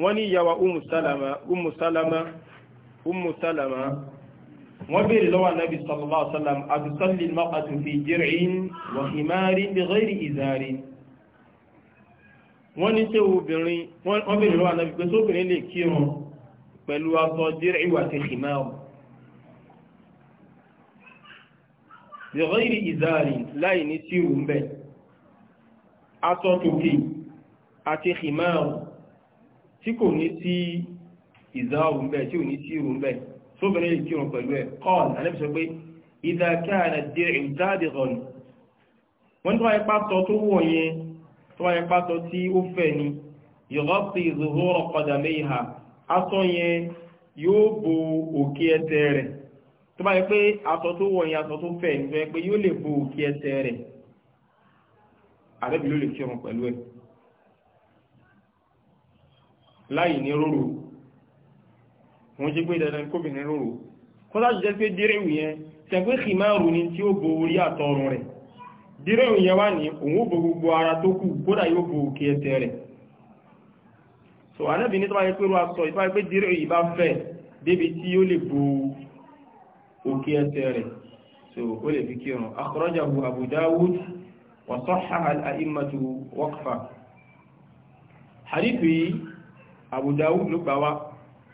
وني يا أم سلمة أم سلمة أم سلمة wọ́n béèrè lọ́wọ́ anábì sallallahu alaihi wasallam àtúsọ́lì mọ́kàtù fi jir'in wa himarin bi ghairi izarin wọ́n ní ṣé obìnrin wọ́n béèrè lọ́wọ́ anábì pé sóbìnrin lè kírun pẹ̀lú aṣọ jir'i wa ti tí kò ní sí ìzáàrùn bẹ́ẹ̀ tí ò ní sí ìrùn bẹ́ẹ̀ tóbìnrin yìí kírun pẹ̀lú ẹ̀ kọ́ọ̀n alẹ́ sọ pé ìdáká àdé ìdáàdì rọ̀nù wọ́n tó wáyé pátọ tó wọ̀ yẹn tó wáyé pátọ tí ó fẹ̀ ni ìrọ́pì ìzòwò ọ̀kadà méhà aṣọ yẹn yóò bo òkè ẹsẹ̀ rẹ̀ tó báyé pé aṣọ tó wọ̀ yẹn aṣọ tó fẹ̀ ni tó yẹ pé yóò lè bo òkè ẹsẹ̀ rẹ̀ àrẹ́bí ló lè kírun pẹ̀lú ẹ̀ láì ní rúrù wọ́n jẹ́ pé dandan kóbìnrin rò kọ́lá jẹ́ pé dírẹ́wù yẹn tẹ̀gbé kìmáàrù ni tí ó bo orí àtọrùn rẹ̀ dírẹ́wù yẹn wá ní òun bo gbogbo ara tó kù kódà yóò bo òkè ẹsẹ̀ rẹ̀ so anábì ní tọ́wáyé pé ruwa sọ ìtọ́wáyé pé dírẹ́wù yìí so ó lè fi kírun akhrajahu Abu Dawud wa sahhaha ló gbà wá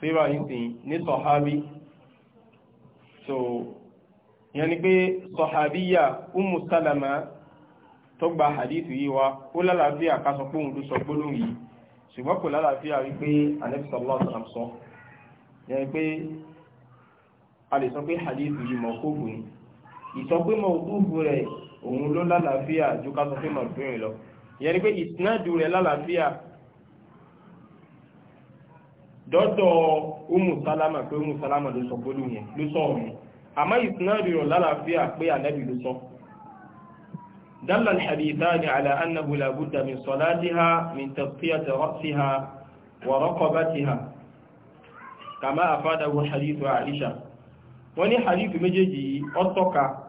síra ìsìn ní sọ̀hábí so yẹn ni pé sọ̀hábíyà umu salama tó gba hadith yìí wá ó lálàáfíà ká sọ pé òun ló sọ gbólóhùn yìí ṣùgbọ́n kò lálàáfíà rí pé anabi sallallahu alaihi wasallam sọ yẹn pé a lè sọ pé hadith yìí mọ̀ kó gùn ìsọ pé mọ̀ kó gùn rẹ̀ òun ló lálàáfíà ju ká sọ pé mọ̀ gbé lọ yẹn ni pé ìsinádùú rẹ̀ lálàáfíà dɔdɔ umu salama pe umu salama lo sɔ bolu yɛ lo sɔ ɔmu ama isinari yɔ lala fi akpe anabi lo sɔ dala alihabi ala anabu la buta mi sɔla ti ha mi tafiya ti rɔti ha wɔrɔ ti ha kama afa da wo halitu alisa wani halitu mejeji otoka.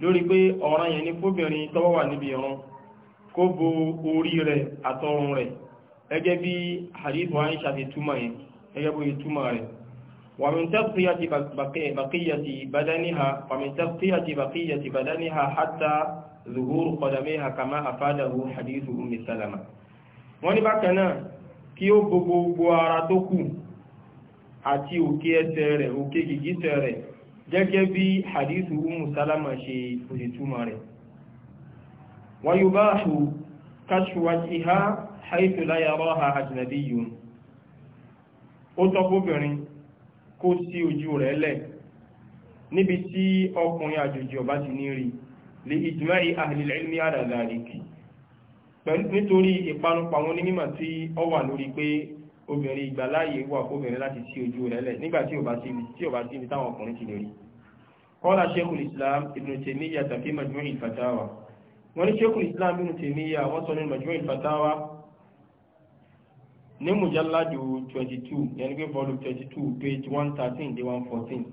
lori pé ɔrɔ yẹn ni fóbìnrin tɔwɔ wà níbi irun kó bo orí rɛ àtɔrun rɛ gẹgẹ bí gẹ́gẹ́ bó ìtumọ̀ rẹ̀ ومن تغطية بقية بدنها ومن تغطية بقية بدنها حتى ظهور قدميها كما أفاده حديث أم سلمة wọ́n ní bákan náà kí ó bo gbogbo ara tó kù àti òkè ẹsẹ̀ rẹ̀ òkè gìgísẹ̀ rẹ̀ gẹ́gẹ́ bí hadithu umu salama ṣe òṣìtúmọ̀ rẹ̀ wa yubahu kashfu wajhiha haythu la yaraha ajnabiyyun ó tọ́kóbìnrin kó sí ojú rẹ̀ lẹ̀ níbi tí ọkùnrin àjòjì ọba ti ní rí lè ìjìmáì ahlil ilmi ala zaliki nítorí ìpanupọ̀ àwọn onímọ̀ tí ó wà lórí pé obìnrin ìgbàláyè wà fóbìnrin láti sí ojú rẹ̀ lẹ̀ nígbà tí ò bá sí ọkùnrin ti lè rí kọ́lá sheikhul islam ibn taymiyyah tàbí majmu'i fatawa wọ́n ní sheikhul islam ibn taymiyyah wọ́n sọ ní majmu'i fatawa ní mujalladu twenty two yẹn pé volume twenty two page one thirteen dé one fourteen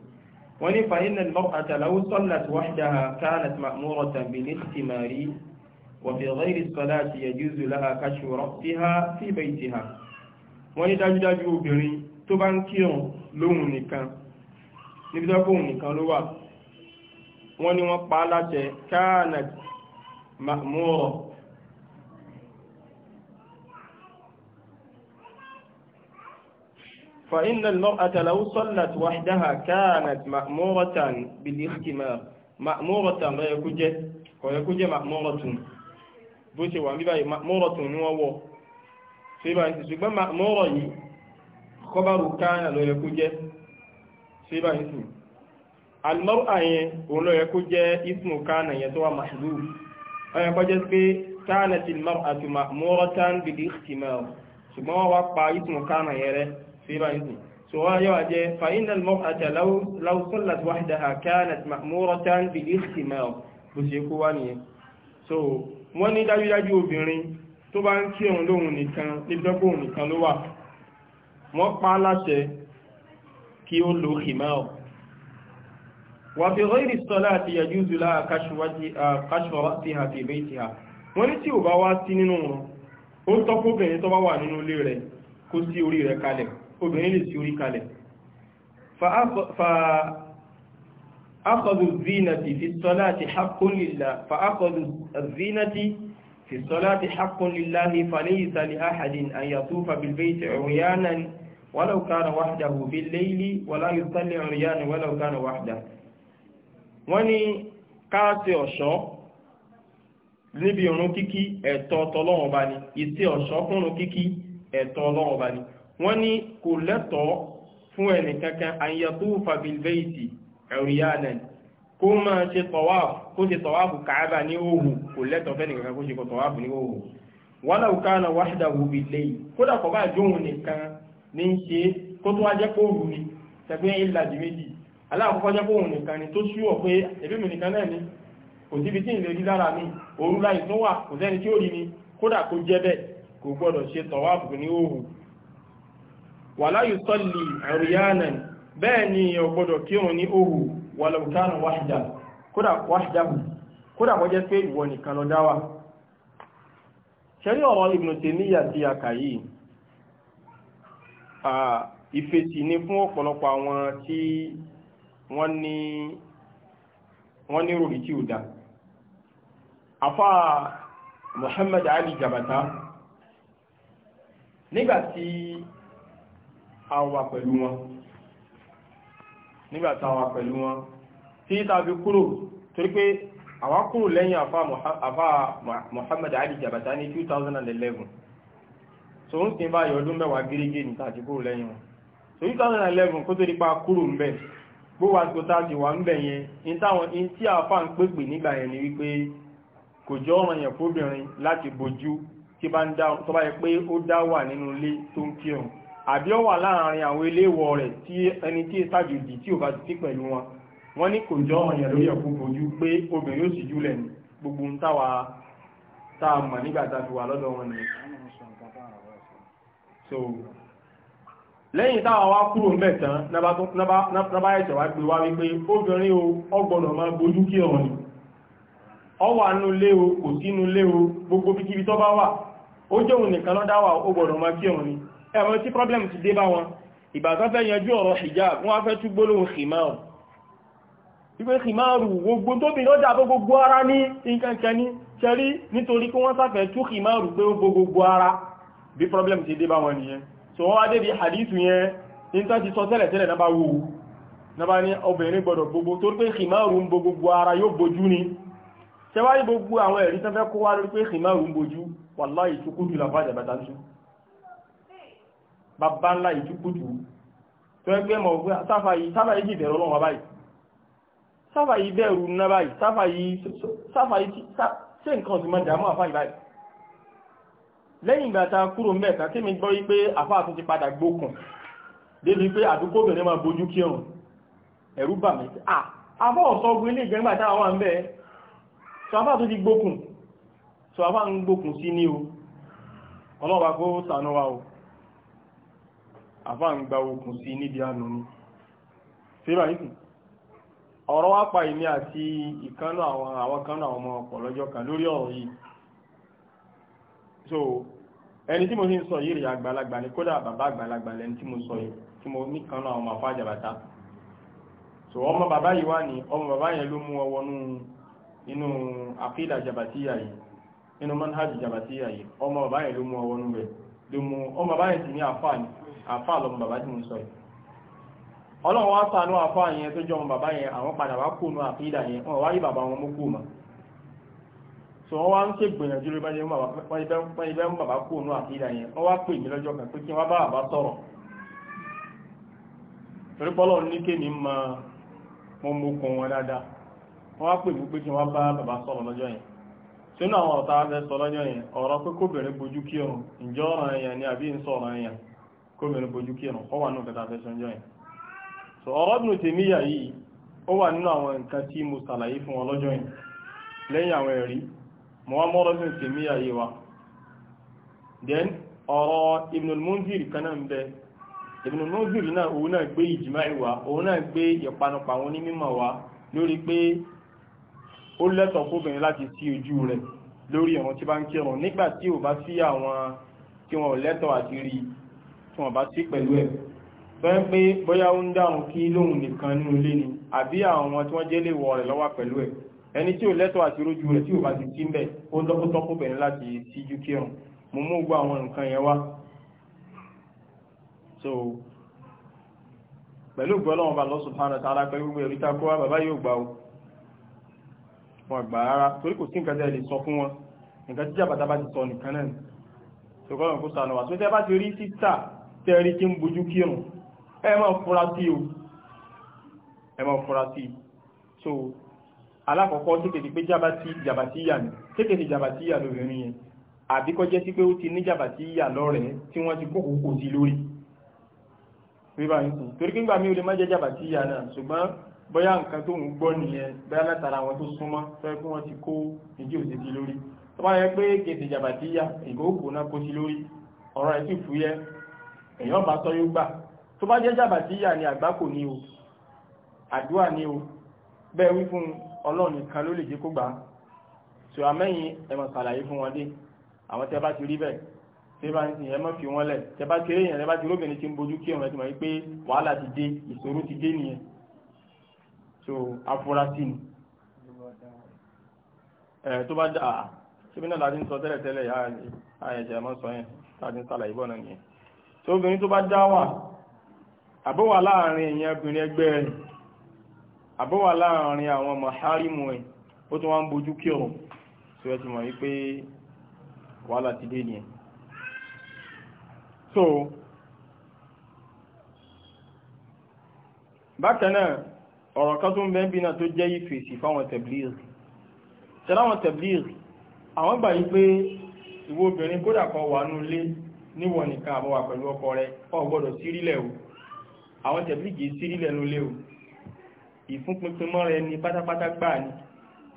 wọ́n ní fàyínà lọ́kàtà láwù sọ́lá tí wọ́n dáhà káàlà tí màmúrọ̀ tàbí ní tìmárì wọ́n fi rẹ́rì sọ́lá tí yẹ jùzù láhà káṣùrọ̀ sí ha sí ibẹ̀ ìtì ha wọ́n ní dájúdájú obìnrin tó bá ń kírun lóhun nìkan níbi tó bóhun nìkan ló wà wọ́n ní wọ́n pa á láṣẹ káàlà màmúrọ̀ فإن المرأة لو صلت وحدها كانت مأمورة بالاختمار مأمورة ويكوجة ويكوجة مأمورة بوشي وعمي مأمورة نوو سيبا انت سيبا مأمورة خبر كان لو يكوجة سيبا انت المرأة ولو يكوجة اسم كان يتوى محذوف ويكوجة كانت المرأة مأمورة بالاختمار سيبا وقع اسم كان يره síbà yìí so wọ́n yọ́ àjẹ́ fa'inal mọ́ta lausulat wahdaha kanat ma'muratan bi ikhtimar bó ṣe kó wá nìyẹn so wọ́n ní dájúdájú obìnrin tó bá ń kí òun lóhun nìkan níbidọ́gbò nìkan ló wà wọ́n pa láṣẹ kí ó lo khimar wà fi ghairi salati yajuzu laha kashfu ra'siha fi baytiha wọ́n sí obìnrin lè sí orí kalẹ̀ fa'akọ̀dù zinati fi sọ́láti haqqun lillahi fa'akọ̀dù zinati fi sọ́láti haqqun lillahi falaysa li ahadin an yatufa bil bayti uryanan ولو كان وحده بالليل ولا يصلي عريانا ولو كان wọ́n ní káàsì ọ̀ṣọ́ níbi ìrun kíkí ẹ̀tọ́ ọlọ́run wọ́n ní kò lẹ́tọ̀ọ́ fún ẹni kankan àyàtú fàbílbẹ́ìtì ẹ̀rìyànàn kó máa ṣe tọ̀wáàfù kó ṣe tọ̀wáàfù kàábà ní òhù kò lẹ́tọ̀ọ́ fẹ́ni kankan kó ṣe tọ̀wáàfù ní òhù wọ́lá òkàánà wáṣídà òbí lẹ́yìn kódà kó tó kò gbọ́dọ̀ ṣe tọ̀wáàfù ní òhù wàlá yusalli riyanan bẹ́ẹ̀ ni èèyàn gbọ́dọ̀ kírun ní òhù walau kana wahda kódà wahdahu kódà kó jẹ́ pé ìwọ nìkan ló dá wà ṣẹ́rí ọ̀rọ̀ Ibn Taymiyyah tí a kà yìí ìfèsì ni fún ọ̀pọ̀lọpọ̀ àwọn tí wọ́n ní wọ́n ní ròrí afá Muhammad Ali Jabata nígbàtí a wà pẹ̀lú wọn nígbàtà wà pẹ̀lú wọn tí tàbí kúrò torí pé kuro kúrò lẹ́yìn àfá Muhammad Ali Jabata ní 2011 so ń sin báyìí ọdún mẹ́wàá gírígé ní tàbí kúrò lẹ́yìn wọn so 2011 kó tó dípa kúrò ń bẹ̀ gbówà tó tàbí wà ń bẹ̀ yẹn in tí àfá ń pèpè nígbà yẹn ni wípé kò jọ ọ̀ràn yẹn fóbìnrin láti bojú tí bá yẹ pé ó dá wà nínú ilé tó ń àbí ó wà láàrin àwọn iléèwọ̀ rẹ̀ tí ẹni tí ìsájòdì tí ò bá ti pẹ̀lú wọn wọ́n ní kò jọ ọ̀yàn lórí ẹ̀kú bojú pé obìnrin ó sì júlẹ̀ ní gbogbo ń táwa tá a mọ̀ nígbà tá a fi wà lọ́dọ̀ wọn ni so lẹ́yìn táwa wá kúrò ń bẹ̀ nábá ẹ̀ṣẹ̀ wá gbé wá wípé obìnrin o ọgbọ̀nà máa bojú kí ọ̀rọ̀ ni ọ wà nú lé o kò sínú lé o gbogbo bíkíbi tó bá wà ó jẹ́ òun nìkan lọ́dá wà ó gbọ̀nà máa kí ọ̀rọ̀ ni ẹ̀wọ̀n tí problem ti dé bá wọn ìgbà tó fẹ́ yanjú ọ̀rọ̀ hijab wọ́n á fẹ́ tú gbólóhùn khimaru wípé khimaru gbogbo tó bí lọ́jà tó gbogbo ara ní nkankan ní ṣẹ́rí nítorí kí wọ́n sáfẹ́ tú khimaru pé ó bo gbogbo ara bí problem ti dé bá wọn nìyẹn so wọ́n wá débi hadith yẹn níta ti sọ tẹ́lẹ̀ tẹ́lẹ̀ náà bá wù ú náà bá ní obìnrin gbọdọ̀ gbogbo tó pé khimaru ń bo gbogbo ara yóò bojú ni ṣẹ́wáyé gbogbo àwọn ẹ̀rí tán fẹ́ kó wá lórí pé khimaru ń bojú wàláhì tó kú jù bàbá ńlá ìjúkújù tó ẹgbẹ́ mọ̀ pé sáfà yìí sáfà yìí jìdẹ̀rọ lọ́wọ́ báyìí sáfà yìí bẹ̀rù ná báyìí sáfà yìí sáfà yìí ṣé nǹkan sì máa dààmú àfà yìí báyìí lẹ́yìn ìgbà ta kúrò ń bẹ̀ẹ̀ta tí mi gbọ́ wípé àfà tún ti padà gbókùn débi pé àdúgbò bẹ̀rẹ̀ máa bójú kí ọ̀run ẹ̀rú bà mí sí àfà ọ̀sọ́ ogun ilé ìgbẹ́ nígbà táwọn wà ń bẹ́ẹ̀ o ọlọ́wà kó àfá ń gba okùn sí níbi ànú fíbà nìkù ọ̀rọ̀ wá pa èmi àti ìkánú àwọn àwọn kánú àwọn ọmọ ọ̀pọ̀ lọ́jọ́ kan lórí ọ̀rọ̀ yìí so ẹni tí mo ti ń sọ yìí rí àgbàlagbà ni kódà bàbá àgbàlagbà lẹni tí mo sọ yìí tí mo ní kánú àwọn ọmọ àjàbàtà so ọmọ bàbá yìí wá ní ọmọ bàbá yẹn ló mú ọ wọnú inú àkídà jàbàtíyà yìí inú manhaj jàbàtíyà yìí ọmọ bàbá yẹn ló mú ọ wọnú bẹ́ẹ̀ dùnmù ọ bàbá yẹn sì ní àfà ní àfà bàbá tí mo sọ yìí ọlọ́run wá afọ àfà yẹn tó jọ ọmọ bàbá yẹn àwọn padà wá kóònù àfíìdà yẹn wọn wá rí bàbá wọn mú kóòmà so wọ́n wá ń ṣe gbìyànjú lórí bàbá àfíìdà yẹn wọ́n wá pè mí lọ́jọ́ kan pé kí wọ́n bá bàbá sọ̀rọ̀ torí pọ́lọ́ wọn wá pè mí sínú àwọn ọ̀ta afẹ́ sọ lọ́jọ́ yẹn ọ̀rọ̀ pé kóbìnrin bojú kí ọ̀run ǹjẹ́ ọ̀ràn ẹ̀yàn ni àbí ń sọ̀rọ̀ ẹ̀yàn kóbìnrin bojú kí ọ̀run kọ́ nù kẹta sọ́jọ́ yẹn so ọ̀rọ̀ yìí ó wà nínú àwọn nǹkan tí mo fún yẹn lẹ́yìn àwọn ẹ̀rí mo wá yìí wa then ọ̀rọ̀ kan náà ń bẹ náà òun náà gbé ìjìmá ìwà òun náà gbé ó lẹ́tọ̀ọ́ fóbìnrin láti sí ojú rẹ̀ lórí ìrun tí bá ń kírun nígbà tí ò bá sí àwọn tí wọn ò lẹ́tọ̀ọ́ àti rí tí wọn bá sí pẹ̀lú ẹ̀ bẹ́ẹ̀ pé bóyá ó ń dáhùn kí lóhun nìkan nínú ilé ni àbí àwọn tí wọ́n jẹ́ lè wọ rẹ̀ lọ́wọ́ pẹ̀lú ẹ̀ ẹni tí ò lẹ́tọ̀ọ́ àti rójú rẹ̀ tí ò bá ti sí ń bẹ̀ ó lọ́kọ́tọ́ fóbìnrin láti síjú kírun mo mú gbọ́ àwọn nǹkan yẹn wá so pẹ̀lú gbọ́lọ́wọ́n bá lọ́sùn fún àwọn tààrà pẹ̀lú gbogbo ẹ̀rí takọ́wà bàbá yóò gbà ó wọn gbà rárá torí kò sí nǹkan tẹ́ lè sọ fún wọn nǹkan tí jàbàtà bá ti sọ nìkan náà ṣùgbọ́n ọ̀rọ̀ kó sànà wà tó tẹ́ bá ti rí títà tẹ́ kí ń bojú kírun ẹ máa fura sí o ẹ máa fura sí so alákọ̀ọ́kọ́ kékeré pé jàbàtì jàbàtì yà ní kékeré jàbàtì yà lóbìnrin yẹn àbí kọ́ jẹ́ sí pé ó ti ní jàbàtì yà lọ́rẹ̀ẹ́ tí wọ́n ti kókò kò sí lórí rí báyìí torí kí ń gbà mí ò lè má jẹ́ jàbàtì yà náà ṣùgbọ́n bóyá nǹkan tó ń gbọ́ nìyẹn bóyá látara àwọn tó súnmọ́ fẹ́ kí wọ́n ti kó ìdí òṣèṣì lórí tó bá yẹ pé kèsì ìjàmbá ti yá ìgò òkú náà kó sí lórí ọ̀rọ̀ ẹ̀ sì fúyẹ́ èèyàn bá sọ yóò gbà tó bá jẹ́ jàmbá ti yá ni àgbákò ni o àdúrà ni o bẹ́ẹ̀ wí fún ọlọ́run nìkan ló lè jẹ́ kó gbà á tó amẹ́yìn ẹ̀ sàlàyé fún wọn dé àwọn tẹ́ bá ti rí bẹ́ẹ̀ tẹ́ ń sìn ẹ̀ mọ́ fi wọn lẹ̀ tẹ́ kéré yẹn tẹ́ bá ti ti ń bojú kí ọ̀rẹ́ ti mọ̀ wípé wàhálà ti dé ìṣòro ti dé nìyẹn so afurasí ni ẹ̀ tó bá dà ah, láti ń sọ tẹ́lẹ̀ tẹ́lẹ̀ sọ yẹn láti ń náà tó obìnrin tó bá dá wà láàrin obìnrin ẹgbẹ́ láàrin àwọn ẹ̀ ó wá ń bojú kí ti mọ̀ ọ̀rọ̀ kan tó ń bẹ́ bí náà tó jẹ́ ìfèsì fáwọn tẹ̀blìrì tẹ́láwọn tẹ̀blìrì àwọn gbà yí pé ìwọ obìnrin kódà kan wà nú ilé níwọ̀ nìkan àbọ̀wà pẹ̀lú ọkọ rẹ o sírílẹ̀ o ni pátápátá gbà ni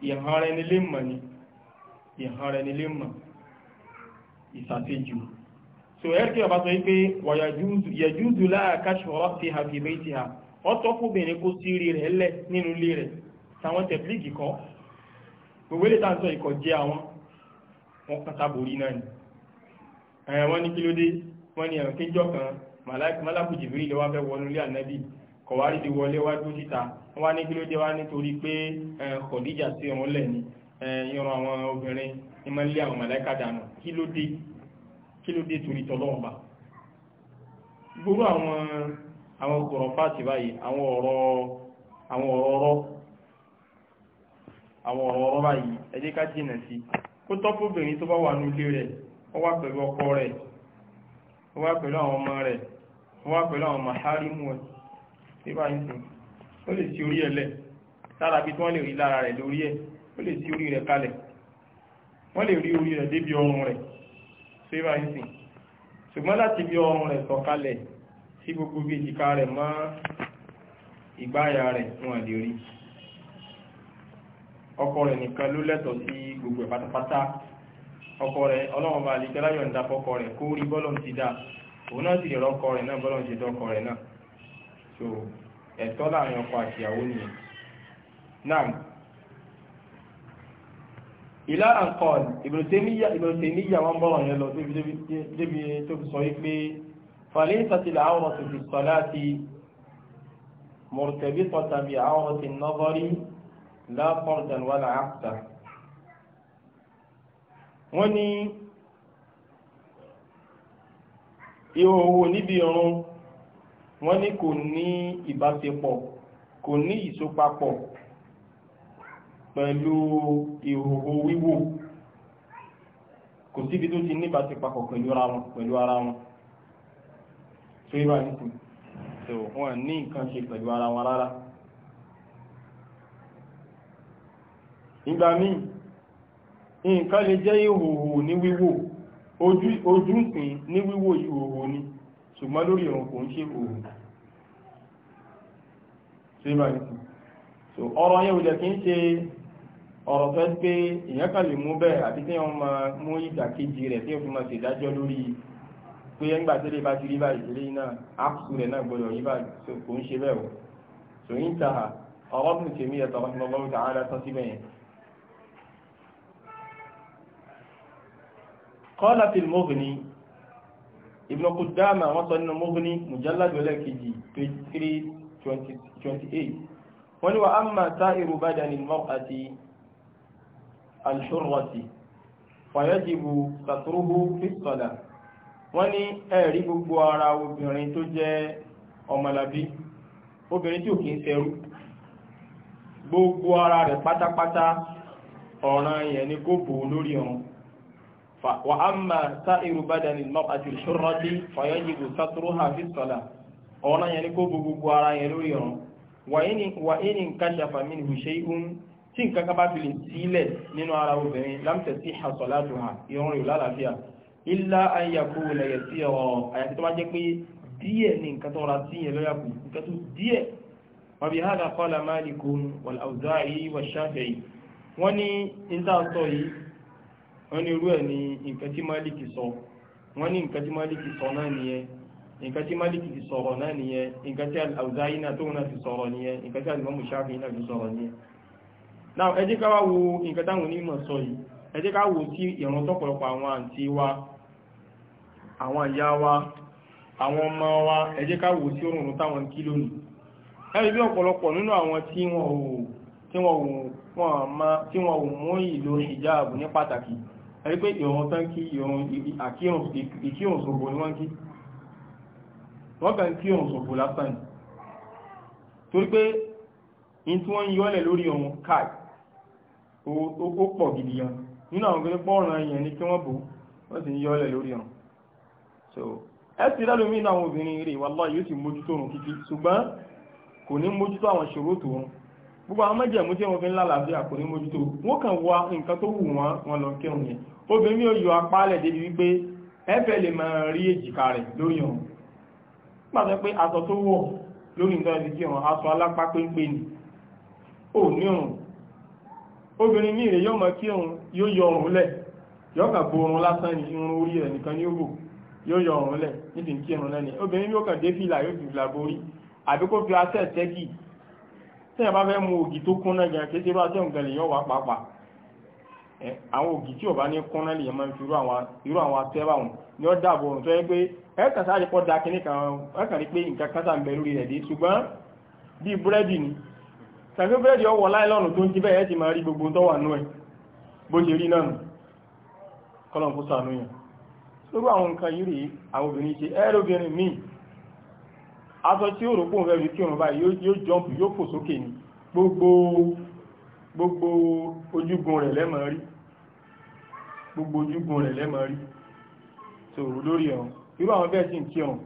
ìhàn rẹ nílé mọ̀ ni ìhàn rẹ nílé mọ̀ ìsàtẹ́jù so ẹ̀rkì ọba sọ wípé wà yẹjúzù ọtọ́kùnbìnrin kó sí rí rẹ̀ lẹ̀ nínú ilé rẹ̀ táwọn tẹ̀blígì kan gbogbo ilé tàǹtọ́ ikọ̀ jẹ́ àwọn wọn pátábòrí náà ni ẹ̀yàn wọ́n ní kí ló dé wọ́n ní ẹ̀rùn kíjọ kan màláìkù jìbìrì lè wá fẹ́ wọnú ilé ànábì kọ̀wárí di wọlé wá dúró síta wọ́n wá ní kí ló dé wá nítorí pé kọ̀díjà sí ọmọ lẹ̀ ni ìran àwọn obìnrin ní máa ń lé àwọn màláìkà dànù kí ló dé kí ló dé torí tọ́lọ́ọ̀bà àwọn ọkùnrin fàtí báyìí àwọn ọ̀rọ̀ ọ̀rọ̀ àwọn ọ̀rọ̀ ọ̀rọ̀ báyìí ẹ jẹ́ ká jìnà sí kó tọ́pù obìnrin tó bá wà ní ilé rẹ̀ ó wà pẹ̀lú ọkọ rẹ̀ ó wà pẹ̀lú àwọn ọmọ rẹ̀ ó wà pẹ̀lú àwọn maharimu ẹ̀ tí bá ń sìn ó lè sí orí ẹ̀ lẹ̀ lára bí tí wọ́n lè rí lára rẹ̀ lórí ẹ̀ ó lè sí ṣùgbọ́n láti bí ọrùn rẹ̀ sọ̀kalẹ̀ tí gbogbo bí èjìká rẹ̀ mọ́ ìgbáyà rẹ̀ fún àdè rí ọkọ rẹ̀ nìkan ló lẹ́tọ̀ọ́ sí gbogbo ẹ̀ pátápátá ọkọ rẹ̀ ọlọ́run bá àlejò láyọ̀ ń dápọ̀ ọkọ rẹ̀ kó rí bọ́lọ̀ ti dá òun náà sì lè rọ́kọ rẹ̀ náà bọ́lọ̀ ti dọ́kọ rẹ̀ náà so ẹ̀tọ́ láàrin ọkọ àti ìyàwó nìyẹn ìlà àǹkọ̀ọ̀lù ìbìrìtẹ́níyà wọn bọ́rọ̀ yẹn lọ débi tó fi sọ wípé فليست العورة في الصلاة مرتبطة بعورة النظر لا فردا ولا عقدا wọ́n ní ìhòòhò níbi irun wọ́n ní kò ní ìbáṣepọ̀ kò ní ìsopapọ̀ pẹ̀lú ìhòòhò wíwò kò síbi tó ti ní ìbáṣepapọ̀ pẹ̀lú ara wọn tó yẹ bá ní kù tó wọn ní nǹkan ṣe pẹ̀lú ara wọn rárá ìgbà míì nǹkan lè jẹ́ ìhòhò ní wíwò ojú ìsìn ní wíwò ìhòhò ni ṣùgbọ́n lórí ọ̀run kò ń ṣe ìhòhò ṣe bá ní kù so ọ̀rọ̀ yẹn ò jẹ́ kí ń ṣe ọ̀rọ̀ fẹ́ pé èèyàn kan lè mú bẹ́ẹ̀ àti tí wọ́n máa mú ìdàkejì rẹ̀ tí wọ́n fi máa ṣèdájọ́ lórí pé ẹgbà tẹ́lẹ̀ bá ti rí báyìí tẹ́lẹ̀ náà ápùsù rẹ̀ náà gbọdọ̀ yí báyìí kò ń ṣe bẹ́ẹ̀ o tò ń ta ọ̀rọ̀ bùn tèmi ẹ̀tọ́ ọ̀rọ̀ tààrà tán síbẹ̀ yẹn. kọ́lá fi mọ́gìní Ibn Qudama wọ́n sọ nínú mọ́gìní mujallad kejì page three twenty eight wọ́n ní wa amma sa'iru badani al-mar'ati al-hurrati fa yajibu satruhu fi as-salah wọ́n ní ẹ̀rí gbogbo ara obìnrin tó jẹ́ ọmọlàbí obìnrin tí ò kí ń ṣẹrú gbogbo ara rẹ̀ pátápátá ọ̀ràn yẹn ni kó bò lórí ọ̀run wa amma sa'iru badani al-mar'ati al-hurrati fa yajibu satruha fi as ọ̀ràn yẹn ni kó bò gbogbo ara yẹn lórí ọ̀run wa in inkashafa minhu shay'un tí nǹkan kan bá fi lè sílẹ̀ nínú ara obìnrin lam tasihha salatuha ìrun rẹ̀ lálàáfíà ilá ayàkó ilẹ̀ yẹ̀ sí ọ̀rọ̀ àyàfi tó bá jẹ́ pé díẹ̀ ní nǹkan tó ra sí yẹn lọ́yà kù nǹkan tó díẹ̀ wọ́n bí hádà kọ́lá Malikun wal Awza'i wal Shafi'i wọ́n ní ìtàtọ̀ yìí wọ́n ní irú ẹ̀ ní nǹkan tí Maliki sọ wọ́n ní nǹkan tí Maliki now ẹ jẹ́ ká wá wo nǹkan táwọn onímọ̀ sọ yìí ẹ jẹ́ ká wo ìrántọ́pọ̀lọpọ̀ àwọn àǹtí wa àwọn ìyá wa àwọn ọmọ wa ẹ jẹ́ ká wò sí òrùn táwọn kí lónìí ẹ̀rí bí ọ̀pọ̀lọpọ̀ nínú àwọn tí wọn ò tí wọn ò wọn ma tí wọn ò mú ìlò ìjáàbù ní pàtàkì ẹ̀rí pé ìrun tán kí ìrun ìkírùn ṣòfò ni wọ́n kí wọ́n kàn kírùn kí wọ́n bò wọ́n so ẹ ti rẹ́ lómi náà àwọn obìnrin rè wallahi yóò sì mójútó òun kíkí ṣùgbọ́n kò ní mójútó àwọn ìṣòro tó ń gbogbo àwọn mẹ́jẹ̀mú tí wọ́n fi ń lálàáfíà kò ní mójútó wọ́n kàn wá nǹkan tó wù wọ́n wọn lọ kírun yẹn obìnrin yóò yọ apá lẹ̀ débi wípé ẹ̀fẹ̀ lè máa rí èjìká rẹ̀ lórí ọ̀hún pàtẹ́ pé aṣọ tó wọ̀ lórí nǹkan ẹ̀sìn kí ọ̀hún aṣọ alápá péńpé ni ò ní ọ̀hún obìnrin ní ìrè yóò mọ kí ọ̀hún yóò yọ ọ̀hún lẹ̀ yọ̀ọ̀kà bo ọ̀run lásán ni irun orí rẹ̀ nìkan ni ó bò yóò yọ ọ̀run lẹ̀ níbi kí irun lẹ́ni obìnrin yóò kàn dé fìlà yóò fi fìlà borí àbí kó fi asẹ́ tẹ́gì tẹ́yìn bá fẹ́ mu ògì tó kún náà gan kéṣe bá tẹ́hùn gan lèyàn wà pàápàá àwọn ògì tí ò bá ní kún náà lèyàn máa ń fi irú àwọn asẹ́ bá wọn ni ó dàbò ọ̀run tó yẹ pé ẹ̀ẹ́kàn sáré pọ̀ da kínní kan ẹ̀ẹ́kàn rí pé nǹkan kan sàǹbẹ̀ lórí rẹ̀ dé ṣùgbọ́n bíi búrẹ́dì ni tàbí búrẹ́dì ọwọ́ láìlọ́nù tó ń jí bẹ́ẹ̀ ẹ̀ ti máa rí gbogbo tó wà nú ẹ̀ bó ṣe rí náà nù kọ́lọ̀ ń sànú yẹn irú àwọn nǹkan yìí rí àwọn obìnrin ṣe ẹ́rọbìnrin míì aṣọ tí ó rògbò rẹ̀ kí òun báyìí yóò jọ́mpù yóò fò sókè ní gbogbo gbogbo ojúgun rẹ̀ lẹ́mọ̀ rí gbogbo ojúgun rẹ̀ lẹ́mọ̀ rí sòrò lórí ọ̀hún irú àwọn bẹ́ẹ̀ sì ń kírun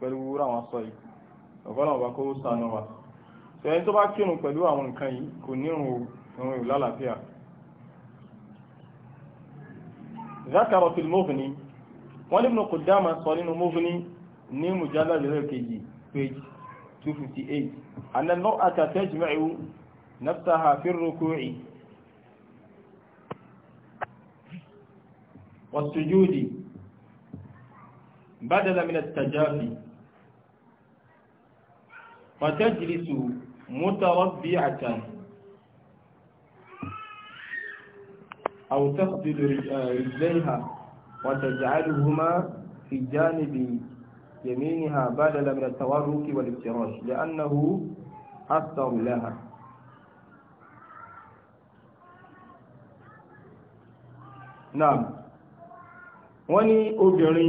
pẹ̀lú àwọn aṣọ yìí ọ̀gọ́nà ọba kó sànù wa sẹ́yìn tó bá kírun pẹ̀lú àwọn nǹkan yìí kò nírun òun ìlú àlàáfíà zakaro tilmofini wọ́n ní Ibn Qudama sọ nínú Mughni ní mujallad lẹ́rẹ̀ kejì page 258 anna al-mar'ata tajma'u nafsaha fi ar-ruku'i was-sujudi badala min at-tajafi فتجلس متربعة أو تفضل رجليها وتجعلهما في جانب يمينها بدلا من التورك والافتراش لأنه أثر لها نعم وني ní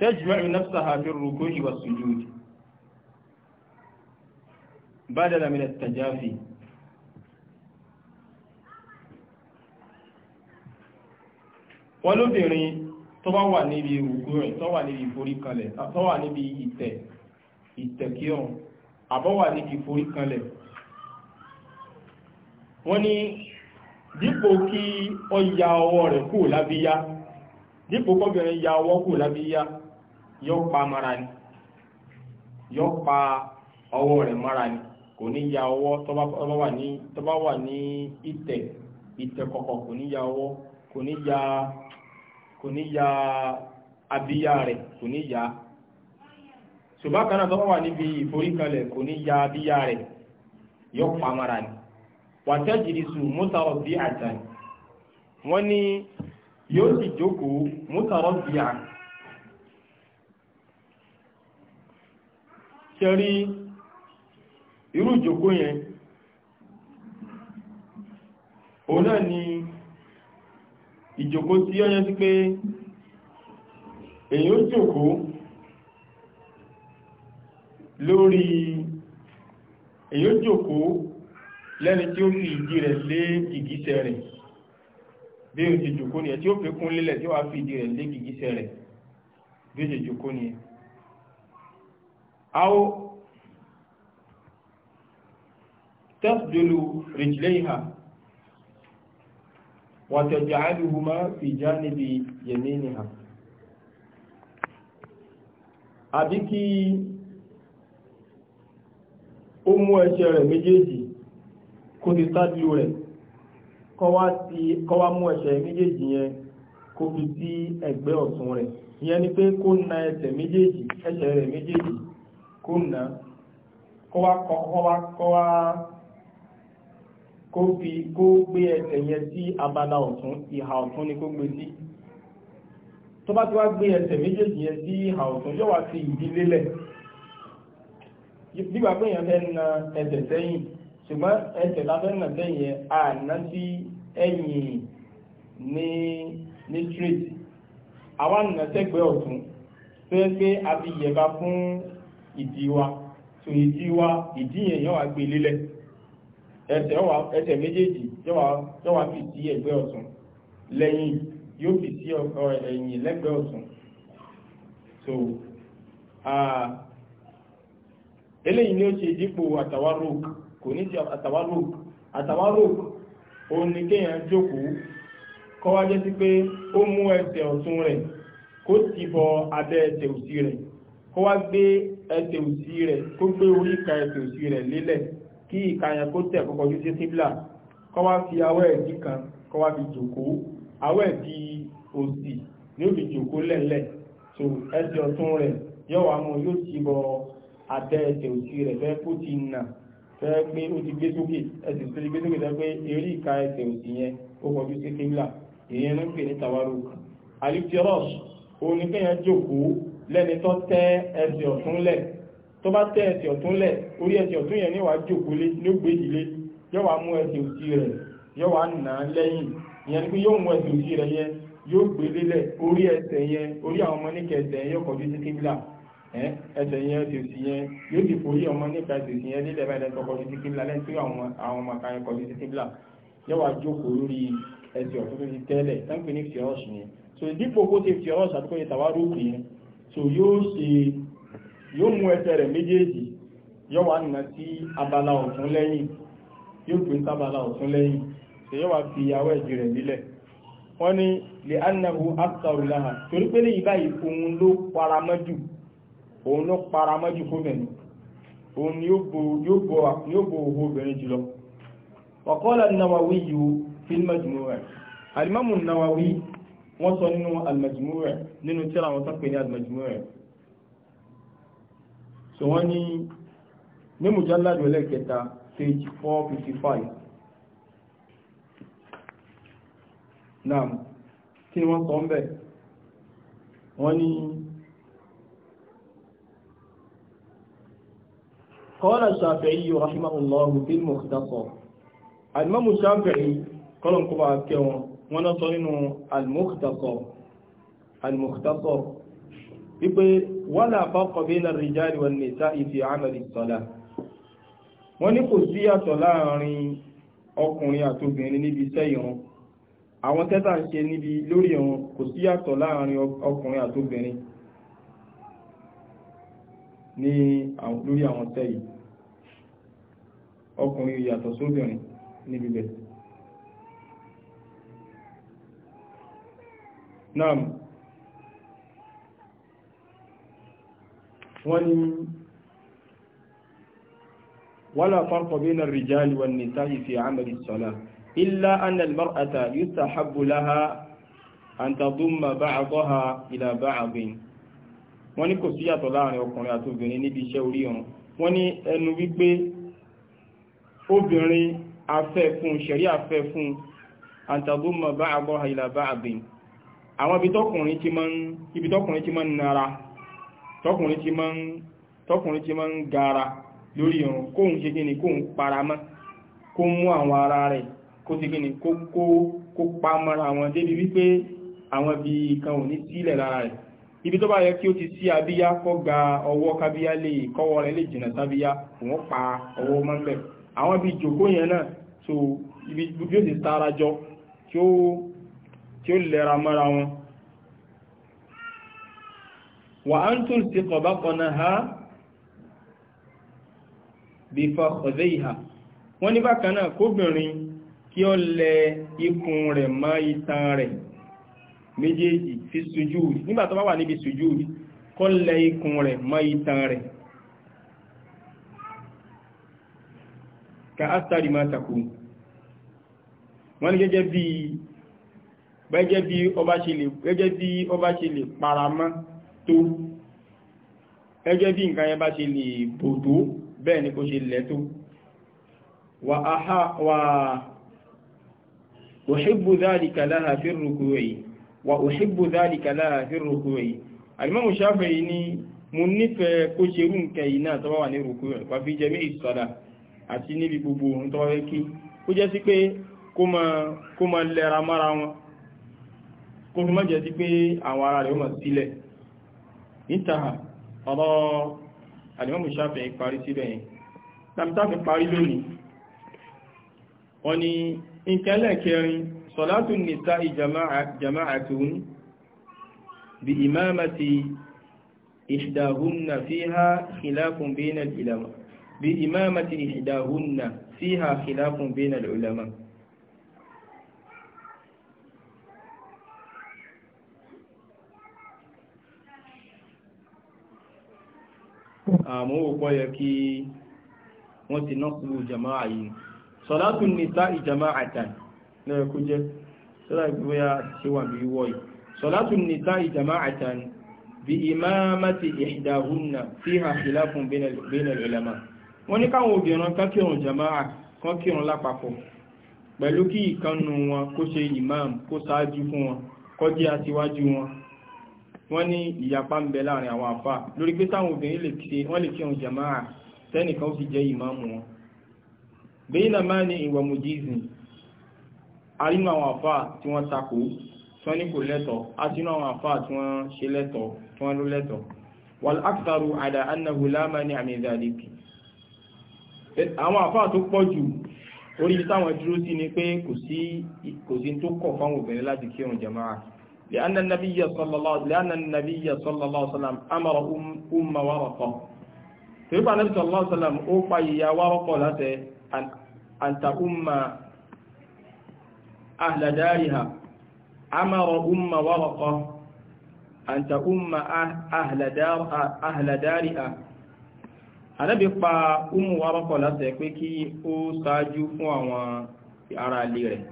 تجمع نفسها في الركوع والسجود بدلا من التجافي wọ́n lóbìnrin tó bá wà níbi ìrùkú rẹ̀ tó wà níbi ìforíkanlẹ̀ tó wà níbi ìtẹ̀ ìtẹ̀kíọ̀n àbọ̀ wà níbi ìforíkanlẹ̀ wọ́n ní dípò kí ọ ya ọwọ́ rẹ̀ kú lábíyá dípò ya ọwọ́ kú lábíyá yóò pa mara ni yóò pa ọwọ́ rẹ̀ mara ni kò ní ya ọwọ́ tó bá wà ní ìtẹ̀ ìtẹ̀ kọ̀kọ̀ kò ní kò ní ya abíyá rẹ̀ kò ní ya ṣùgbọ́n tó wà níbi ìforíkalẹ̀ kò ní ya abíyá rẹ̀ yóò pamara ni wàtẹ́jìrìsù mọ́tàrọ̀ bí àjà wọ́n ní yóò sì jókòó mọ́tàrọ̀ bí à ṣẹ́rí irú ìjókòó yẹn òun náà ni. ìjòkó tí ó yẹ sí pé èyí ó jòkó lórí èyí ó jòkó lẹ́ni tí ó fi ìdí rẹ̀ lé gìgísẹ̀ rẹ̀ bí o ti jòkó ni ẹ̀ tí ó fi kún lélẹ̀ tí ó wá fi ìdí rẹ̀ lé gìgísẹ̀ rẹ̀ bí o ti jòkó ni ẹ̀ aw tasjulu rijlaiha وتجعلهما في جانب يمينها n'ibi kí ó mú ẹsẹ̀ rẹ̀ méjèèjì kó ti sádìlú rẹ̀ kó re mú ẹsẹ̀ méjèèjì yẹn kó fi sí ẹ̀gbẹ́ ọ̀tún rẹ̀ ìyẹn ni pé kó na ẹsẹ̀ méjèèjì ẹsẹ̀ rẹ̀ méjèèjì na kó kó fi kó gbé ẹsẹ̀ yẹn sí abala ọ̀tún ìhà ọ̀tún ni kó gbé sí tó bá ti wá gbé ẹsẹ̀ méjèèjì yẹn sí ìhà ọ̀tún yóò wá fi ìdí lélẹ̀ nígbà pé èèyàn fẹ́ na ẹsẹ̀ sẹ́yìn ṣùgbọ́n ẹsẹ̀ lábẹ́ nà sẹ́yìn yẹn àná sí ẹ̀yìn ní ní street àwa nà sẹ́gbẹ̀ẹ́ ọ̀tún tó yẹ pé a fi yẹ̀ba fún ìdí wa tò ìdí wa ìdí yẹn yóò wá gbé lélẹ̀ ẹsẹ̀ méjèèjì yóò wá fi sí ẹgbẹ́ ọ̀tún lẹ́yìn yóò fi sí ẹ̀yìn lẹ́gbẹ́ ọ̀tún so eléyìí ni ó ṣe dípò àtàwáròk kò ní ti àtàwáròk àtàwáròk ó ní kéèyàn jókòó kọ́ wá jẹ́ sí pé ó mú ẹsẹ̀ ọ̀tún rẹ̀ kó ti bọ abẹ́ ẹsẹ̀ òsì rẹ̀ kó wá gbé ẹsẹ̀ òsì rẹ̀ kó gbé oríka ẹsẹ̀ òsì rẹ̀ lélẹ̀ kí ìkàyàn kó tẹ̀ kọ́kọ́ ojú sí kíblà kọ́ wá fi awẹ́ ẹ̀dí kan kọ́ wá fi jòkó awẹ́ ẹ̀dí òsì ní ó fi jòkó lẹ́lẹ̀ tó ẹsẹ̀ ọ̀tún rẹ̀ yóò wá mú yóò ti bọ abẹ́ ẹsẹ̀ òsì rẹ̀ fẹ́ kó ti nà fẹ́ pé ó ti gbé sókè ẹsẹ̀ tó ti gbé sókè tó bá tẹ́ ẹsẹ̀ ọ̀tún lẹ̀ orí ẹsẹ̀ ọ̀tún yẹn ní wàá jókòó lé ló gbé ìdílé yóò wá mú ẹsẹ̀ òsì rẹ̀ yóò wá nà á lẹ́yìn ìyẹn ni yóò mú ẹsẹ̀ òsì rẹ̀ yẹn yóò gbé lélẹ̀ orí ẹsẹ̀ yẹn orí àwọn ọmọ níkà ẹsẹ̀ yẹn yóò kọjú sí kíbla ẹsẹ̀ yẹn ẹsẹ̀ òsì yẹn yóò ti forí ọmọ níkà ẹsẹ̀ òsì yẹn lélẹ̀ báyìí lẹ́tọ́ so dípò kó ti fìọ́ọ̀ṣì àdúgbò yóò mú ẹsẹ̀ rẹ̀ méjèèjì yóò wá nà sí abala ọ̀tún lẹ́yìn yóò pín sábala ọ̀tún lẹ́yìn ṣe yóò wá fi ìyàwó ẹ̀jì rẹ̀ nílẹ̀ wọ́n ní lè annahu aksaru torí pé ní ìbáyìí òun ló paramọ́jù òun ló paramọ́jù fóbìnrin òun ni yóò bo owó obìnrin jùlọ ọ̀kọ́lá Nawawi yìí fil Majmu' rẹ̀ alimamu Nawawi wọ́n sọ nínú al-Majmu' rẹ̀ nínú tíra so wọ́n ní ní mùjálàdù ẹlẹ́kẹta page 455 náà kí wọ́n sọ ń bẹ̀ wọ́n ní قال الشافعي رحمه الله في المختصر الإمام الشافعي قال انكم أكيو ونصرين المختصر المختصر يبقى wala farqa bayna ar-rijali wan-nisa'i fi 'amali as-salah wọ́n ní kò sí àtọ̀ láàrin ọkùnrin àtobìnrin níbi iṣẹ́ ìrun àwọn tẹ́tà ń ṣe níbi lórí ìrun kò sí àtọ̀ láàrin ọkùnrin àtobìnrin ní lórí àwọn tẹ́ yìí ọkùnrin yàtọ̀ sóbìnrin níbi bẹ̀rẹ̀ wọ́n ní wala farqa bayna ar-rijali wan-nisa'i fi 'amali as-salah illa anna al-mar'ata yustahabbu laha an tadumma ba'daha ila ba'din wọ́n ní kò sí yàtọ̀ láàrin ọkùnrin àti obìnrin níbi iṣẹ́ orí ọ̀run wọ́n ní ẹnu wípé obìnrin afẹ́ fún ṣẹ̀rí afẹ́ fún àtàdúmọ̀ bá àgbọ́ ìlà bá àbìn àwọn ibi tọ́kùnrin ti máa ń nara tọkùnrin ti máa ń tọkùnrin ti máa ń gara lórí irun kóhun ṣe kí ni kóhun paramọ́ kó mú àwọn ara rẹ̀ kó ṣe kí ni kó kó kó pa mọ́ra wọn débi wípé àwọn ibi kan ò ní sílẹ̀ lára rẹ̀ ibi tó bá yẹ kí ó ti sí abíyá kó ga ọwọ́ kábíyá lè kọ́wọ́ rẹ̀ lè jìnà sábíyá òun pa ọwọ́ mọ́ àwọn ibi ìjòkó yẹn náà so ibi bí ó ti sára jọ tí ó lẹ́ra mọ́ra wọn wà á ń tún sí kọ̀bá kọ̀nà ha bí fa ọ̀dẹ́ ìhà wọ́n ní bákan náà kóbìnrin kí ó lẹ ikùn rẹ̀ mọ́ itan rẹ̀ méjèèjì fi sujúd nígbà tó bá wà níbi sujúd kó lẹ ikùn rẹ̀ mọ́ itan rẹ̀ ka ásítàrí máa takò wọ́n ní gẹ́gẹ́ bí ọba ṣe lè paramọ́ tó ẹgẹ́ bí nǹkan yẹn bá ṣe lè bòdó bẹ́ẹ̀ ni kó ṣe lẹ̀ tó wà òṣìbò záàlìkà láhà fi rúkú rẹ̀ wà òṣìbò záàlìkà láhà fi rúkú rẹ̀ alimamu Shafi'i ni mo nífẹ̀ẹ́ kó ṣe rú nǹkan yìí náà tọ́wọ́ wà ní rúkú rẹ̀ wà fi jẹmí ìsọ́dá àti intaha ọ̀rọ̀ alimamu shafi parí síbẹ̀ yẹn tàbí parí lónìí wọ́n ni ìkẹ́lẹ̀ kẹrin sọ̀látù nìta jama'atun bí imamati ìṣdàhúnnà fíhá khilafun bainal ulama bí imamati ìṣdàhúnnà fíhá khilafun bainal ulama àmọ́ ah, òpó yẹ kí wọ́n ti náà kúrò jama'a yìí sọ̀látù nìta ìjama'a tàn lẹ́yẹ kó jẹ́ sọ́lá ìgbóyà ṣe wà bí wọ́ yìí sọ̀látù nìta ìjama'a tàn bí imamati ihdahunna fiha khilafun bainal ulama wọ́n ní káwọn obìnrin kan kírun jama'a kó ṣe imam kó ṣáájú fún wọn kó jẹ́ wọn wọ́n ní ìyapa ń bẹ láàrin àwọn àfà lórí pé táwọn obìnrin lè ṣe wọ́n lè ṣe ohun jama'a tẹ́nìkan ó sì jẹ́ ìmáàmù wọn bẹ́yìn náà máa ní ìwà mujizin arínú àwọn àfà tí wọ́n takò tí wọ́n ní kò lẹ́tọ̀ àtínú àwọn àfà tí wọ́n ṣe lẹ́tọ̀ tí wọ́n ló lẹ́tọ̀ wal aktharu ala annahu la mani'a min dhalik àwọn àfà tó pọ̀ jù orí táwọn dúró sí ni pé kò sí tó kọ̀ fáwọn obìnrin láti kírun jama'a لأن النبي صلى الله لأن النبي صلى الله عليه وسلم أمر أم أم ورقة فيبقى النبي صلى الله عليه وسلم أوفى يا ورقة لته أن أن تأم أهل دارها أمر أم ورقة أن تأم أهل دار أهل دارها أنا pa أم ورقة láṣẹ pé kí ó ṣáájú fún àwọn ará ilé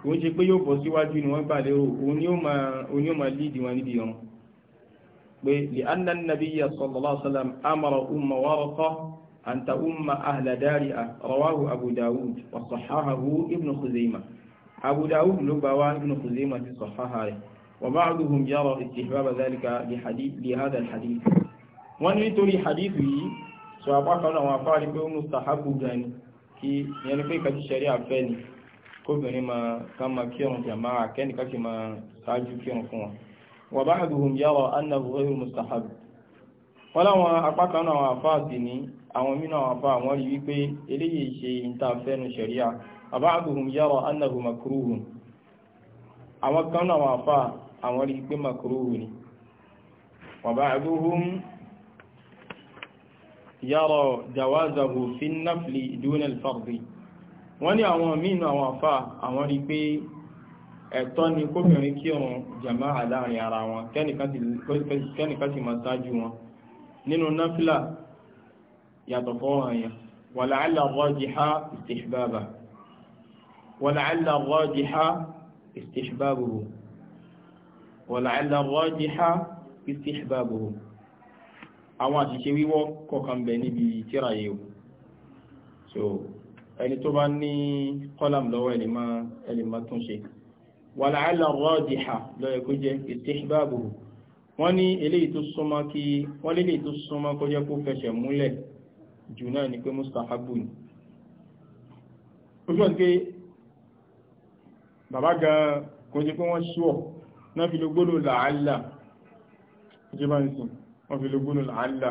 kò ń ṣe pé yóò bọ́ síwájú ni wọ́n gbà lérò òun ni ó máa líìdì wọn níbi wọn pé lè anna nabiyya sallallahu alaihi wasallam amara umma warqa an ta umma ahla dari'a rawahu abu dawud wa sahahahu ibn khuzaimah abu ló gbà wá ibn khuzaimah ti sahaha rẹ̀ wa ba'duhum yara istihbaba dhalika li hadha al-hadith wọ́n ní nítorí hadith yìí sọ apá kan àwọn afárí pé ó mustahabu gani kí yẹn pé kàtí sharia fẹ́ ni kóbìnrin máa ká máa kírun jàmáà kẹ́nìkan sì máa ṣáájú kírun fún wọn. wa ba'duhum yara annahu ghayru mustahab wọ́n láwọn apá kan náà àwọn àfáà sì ní àwọn mìíràn àwọn àfáà wọ́n rí wípé eléyìí ṣe ìta fẹ́nu ṣẹ̀ríà wa ba'duhum yara annahu makruhun àwọn kan náà àwọn àfáà àwọn rí wípé makruhun ni wa ba'duhum yara jawazahu fi nafli duna al wọ́n ní àwọn míì nù àwọn àfà àwọn rí pé ẹ̀tọ́ ni kóbìnrin kí ọ̀run jàmáà láàrin ara wọn kẹ́nìkan sì máa ṣáájú wọn nínú náfìlà yàtọ̀ fọ́ọ̀ràn yẹn wàlàálà rọ́jìhá ìsìṣbábà wàlàálà rọ́jìhá ìsìṣbábòhò wàlàálà rọ́jìhá ìsìṣbábòhò so ẹni tó bá ní kọ́làm lọ́wọ́ ẹni máa tún ṣe wàláàlá rọ́ọ̀dìhà lọ́yẹ̀ kó jẹ́ ìtẹ́ṣbáàbò wọ́n ní eléyìí tó súnmọ́ kí wọ́n lélè tó súnmọ́ kó jẹ́ kó fẹsẹ̀ múlẹ̀ jù náà ni pé mustahabu ni ojú ọ̀n bàbá gan kò jẹ́ pé wọ́n ṣíwọ̀ náà fi lè gbónú làálà ìjọba ń sìn wọ́n fi lè gbónú làálà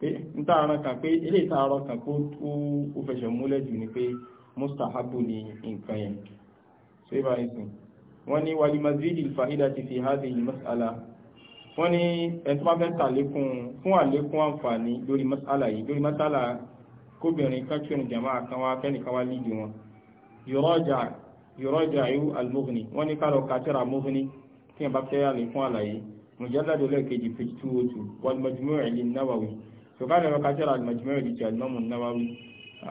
pé ń tá ara kan pé ilé ìta ara kan kó ó fẹsẹ̀ múlẹ̀ jù ni pé mustahabu ni nǹkan yẹn ṣé bá yẹn sìn wọ́n ní wàlí mazidi fàídà ti fi hádì yìí mas'ala wọ́n ní ẹni tó bá fẹ́ tàlékún fún àlékún àǹfààní lórí mas'ala yìí lórí mas'ala kóbìnrin kákìrìn jama'a kan wá fẹ́nìkan wá lídìí wọn yọrọjà yọrọjà yóò al-Mughni wọ́n ní kálọ̀ kátìrà Mughni tí wọ́n bá fẹ́ àlékún àlàyé mujalladu lẹ́ẹ̀kejì page 202 wal Majmu' lin-Nawawi sọ̀kánà lọ kájọ́ra àgbàjúmọ́ ìdíje àdínàmù náwáwí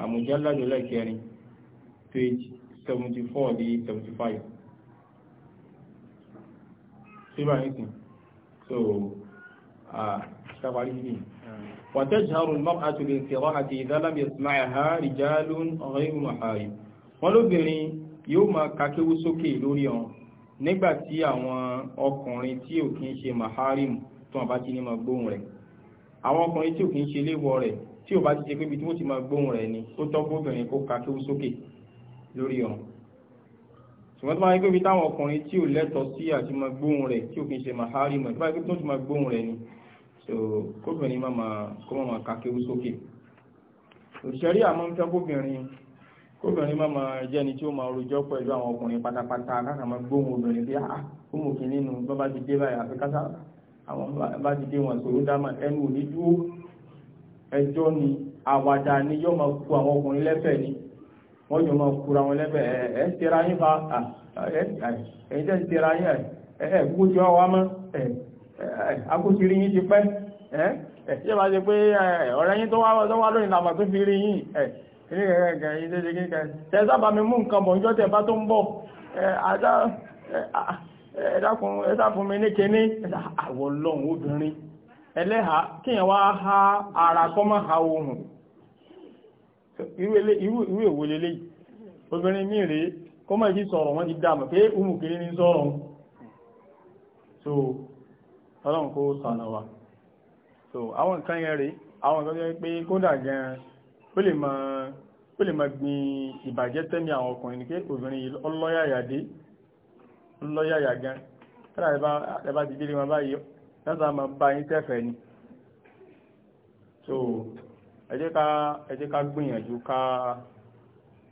àmújáládò lẹ́kẹrin page 74 dé 75 síbà nìkan so ṣàparí sí وتجهر المرأة بالقراءة إذا لم يسمعها رجال غير محارم wọ́n lóbìnrin yóò máa kakéwú sókè lórí ọ̀n nígbàtí àwọn ọkùnrin tí ò kí ń ṣe maharimu tó àbájí ní ma gbóhùn rẹ̀ àwọn ọkùnrin tí ò kí ń ṣe léwọ rẹ̀ tí ò bá ti ṣe pé ibi tí wọ́n ti máa gbóhùn rẹ̀ ni ó tọ́ kóbìnrin kó ka kéwú sókè lórí ọ̀run ṣùgbọ́n tó máa ń gbé ibi táwọn ọkùnrin tí ò lẹ́tọ̀ọ́ sí àti máa gbóhùn rẹ̀ tí ò kí ń ṣe màhárì mọ̀ tó máa ń gbé tó ti máa gbóhùn rẹ̀ ni so kóbìnrin máa máa kó máa ka kéwú sókè òṣèré àmọ́ ń fẹ́ kóbìnrin obìnrin máa máa jẹ́ ẹni tí ó máa rojọ́ pẹ̀lú àwọn ọkùnrin pátápátá káàkà máa gbóhùn obìnrin bí ah ó mú kí nínú bọ́bá ti dé báyìí àfi kásá àwọn bá ti dé wọn sòrò dámà ẹnu ò ní dúró ẹjọ́ ni àwàdà ni yóò máa ku àwọn ọkùnrin lẹ́fẹ̀ ni wọ́n yóò máa kura wọn lẹ́fẹ̀ ẹ̀ ṣera yín fa ẹ̀yìn tẹ́ ṣera yín ẹ̀ gbójú ọwọ́ mọ́ akóṣìírí yín ti pẹ́ ṣé bá ṣe pé ọ̀rẹ́ yín tó wá lónìí làmà tó fi rí yín ní ẹ̀ẹ̀kẹ̀ yìí ṣe ṣe kíkẹ́ tẹ́ sábà mi mú nǹkan bọ̀ ń jọ́ tẹ̀ bá tó ń bọ̀ ẹ̀dàkùn ẹ̀dàkùn mi ní kíní àwọ̀ lọ́hùn obìnrin ẹlẹ́ha kíyàn wá ha ara kọ́ máa ha ohun irú èwo lélẹ́ obìnrin ní rèé kọ́ máa jí sọ̀rọ̀ wọ́n ti dáàmù pé umu kiri ní sọ̀rọ̀ so ọlọ́run kó sànà so àwọn nǹkan yẹn rèé àwọn nǹkan yẹn pé kódà gan-an ó lè máa gbin ìbàjẹ́ tẹ́mi àwọn ọkùnrin ní pé obìnrin ọlọ́yàyàdé lọ́yàyà gan kọ́nà ẹbá ti délé wọn báyìí lọ́sà máa bá yín tẹ́fẹ̀ẹ́ ni so ẹ ká gbìyànjú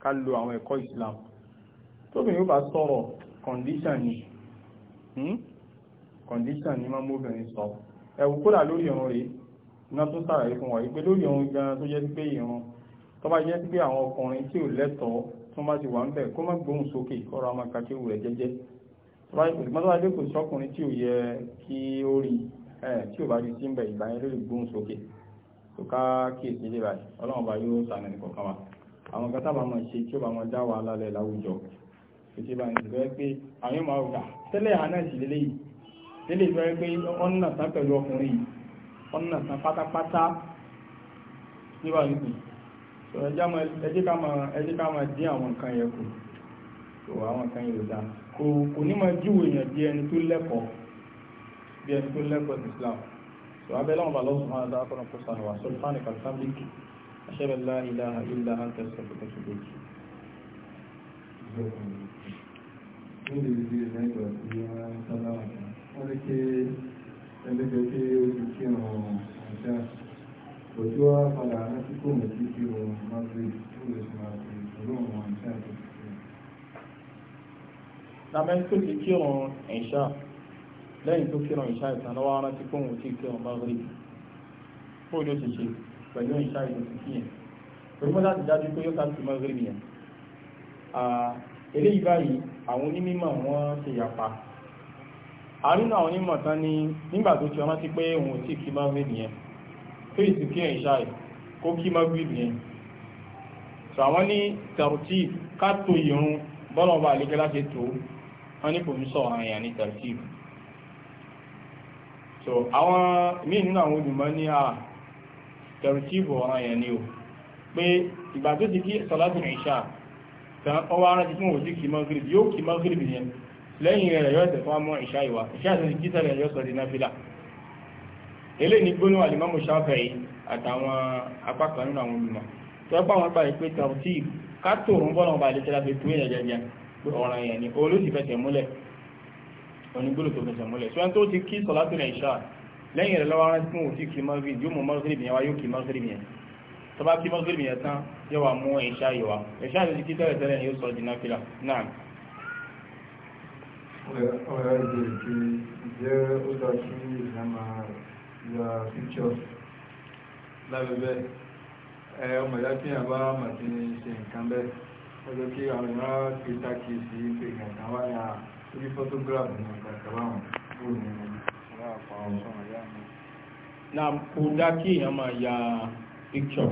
ká lo àwọn ẹ̀kọ́ Islam tóbi yóò bá sọ̀rọ̀ condition ni hmm? condition ni máa móbìnrin sọ ẹ̀wù kódà lórí ọ̀run rèé iná tó sàràyé fún wa ìpé lórí ọ̀run gan tó jẹ́ sí pé ìran tó bá jẹ́ sí pé àwọn ọkùnrin tí ò lẹ́tọ̀ọ́ tó bá ti wà ń bẹ̀ kó má gbóhùn sókè kọ́ra ọmọ kakéwù rẹ̀ jẹ́jẹ́ mọ́tò adé kò sọ́kùnrin tí ò yẹ kí ó rí tí ò bá rí sí ń bẹ̀ ìgbà yẹn lórí gbóhùn sókè tó ká kíyèsí lè báyìí ọlọ́run bá yóò sànà ní kọ̀ọ̀kan wa àwọn kan sábà máa ṣe tí ó bá wọn dá wa lálẹ́ láwùjọ títí bá ń sọ pé àwọn yóò máa rò dà ah, tẹ́lẹ̀ àná sì lélẹ́yìí lélẹ́ sọ pé ọ̀nà tán pẹ̀lú ọkùnrin yìí ọ̀nà tán pátápátá níwájú ẹjẹ́ ká máa dín àwọn nǹkan yẹn kù tó àwọn kan yóò dá kò kò ní máa júwèé èèyàn bí ẹni tó lẹ́kọ̀ọ́ bí ẹni tó lẹ́kọ̀ọ́ Islam tó abẹ́lẹ́ wọn bá lọ́wọ́ sùn àdá àtọ́nà kó sànù wà sọ́lù fáànì kan sábìk aṣẹ́bẹ̀ lá ilá ilá àǹtà sọ̀rọ̀ tó ṣubú jù. Níbi ìdí padà rántí kò mọ̀ sí kí wọn máa fi kúrò sí máa fi ìṣòro wọn àjá àti lábẹ́ tó ti kírun ẹ̀ṣà lẹ́yìn tó kírun ẹ̀ṣà ìtàn lọ́wọ́ ara ti kóhun tí kírun bá rí bóyá ó ti ṣe pẹ̀lú ẹ̀ṣà ìtàn ti kíyàn pẹ̀lú láti dájú pé yóò káàkiri mọ́ rí nìyẹn eléyìí báyìí àwọn onímọ̀ wọ́n ṣe yàpa àrínà àwọn onímọ̀ tán ní nígbà tó ti ọmọ sí pé òun tí kí mọ́ rí nìyẹn tó ìsìn kí ẹ̀yìn ṣáà kó kí mọ́ rí nìyẹn sọ àwọn ní tẹ̀rùtì ká tó ìrun bọ́lọ̀ bá àlejò láti tó wọ́n ní kò ń sọ̀rọ̀ àyàn ní tartib so àwọn míì nínú àwọn n'i ní à tartib ọ̀rọ̀ ya ni o pé ìgbà tó ti kí sọ̀látù ìṣà tán ọwọ́ ara ti fún òsì kì mọ́gírìbì yóò kì mọ́gírìbì yẹn lẹ́yìn rẹ̀ yóò tẹ̀ fún àmọ́ ìṣà ìwà ìṣà ti kí sẹ́lẹ̀ yóò sọ di náfìlà eléyìí ní gbónú àlìmọ́mù Ṣáfi'í àtàwọn apá kan nínú àwọn olùmọ̀ pé ọ̀ràn yẹn ni òun ló sì fẹsẹ̀ múlẹ̀ onígbòrò tó fẹsẹ̀ múlẹ̀ ṣùgbọ́n tó ti kí sọ̀látò rẹ̀ ṣáà lẹ́yìn rẹ̀ lọ́wọ́ rántí fún òtí kí mọ́gírì yóò mú mọ́gírì yẹn wá yóò kí mọ́gírì yẹn tó bá kí mọ́gírì yẹn tán yóò wá mú ìṣá yìí wá ìṣá yìí ti kí tẹ́lẹ̀ tẹ́lẹ̀ yóò sọ di náfìlà náà. ọ̀rẹ́ ìbéèrè pé ǹjẹ́ ó dá sí ìlànà ya pictures lábẹ́bẹ́ ọmọ ìyá tí yàrá bá màtí ṣe nǹkan bẹ́ẹ̀ ọjọ́ kí àwọn èèyàn ti dákì sí pé gàgà wá ya orí fọ́tógráfì ní gàgà báwọn ó ní aláàpá ọ̀sán àyà mi. na kò dá kí èèyàn máa ya píkṣọ̀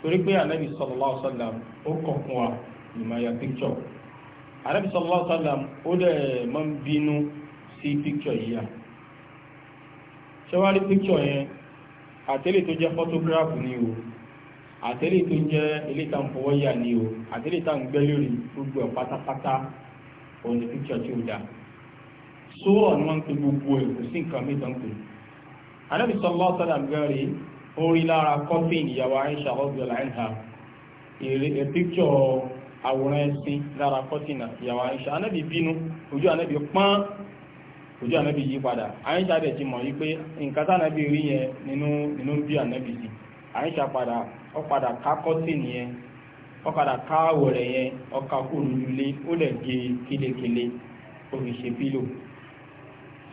torí pé ànábì sallallahu alaihi wasallam ó kọ̀ fún wa ìmọ̀ ya píkṣọ̀ ànábì sallallahu alaihi ó dẹ̀ máa ń bínú sí píkṣọ̀ yìí à ṣé wàá rí píkṣọ̀ yẹn àtẹ́lẹ̀ tó jẹ́ fọ́tógráfì ni o àtẹ́lẹ̀ tó jẹ́ ilé tá ń fọwọ́ yà ni o àtẹ́lẹ̀ tá ń gbẹ́ lórí gbogbo ẹ̀ pátápátá òun ni píkṣọ̀ tí ó dà sóòrọ̀ ni wọ́n ń pe gbogbo ẹ̀ kò sí nǹkan mìíràn pé anábì sallallahu alaihi wasallam gẹ́rẹ́ orí lára kọ́fìn ìyàwó Aisha radhiyallahu anha èrè píkṣọ̀ àwòrán ẹsìn lára kọ́fìn ìyàwó Aisha anábì bínú ojú anábì pọ́n ojú anábì yí padà Aisha dẹ̀ ti mọ̀ yí pé nǹkan tá anábì rí yẹn nínú nínú bí anábì sí àyíṣà padà ó padà ká kọ́tìnì yẹn ó padà ká àwọ̀rẹ̀ yẹn ó ká kúrò nílé ó lẹ̀ gé kélekèle ó fi pílò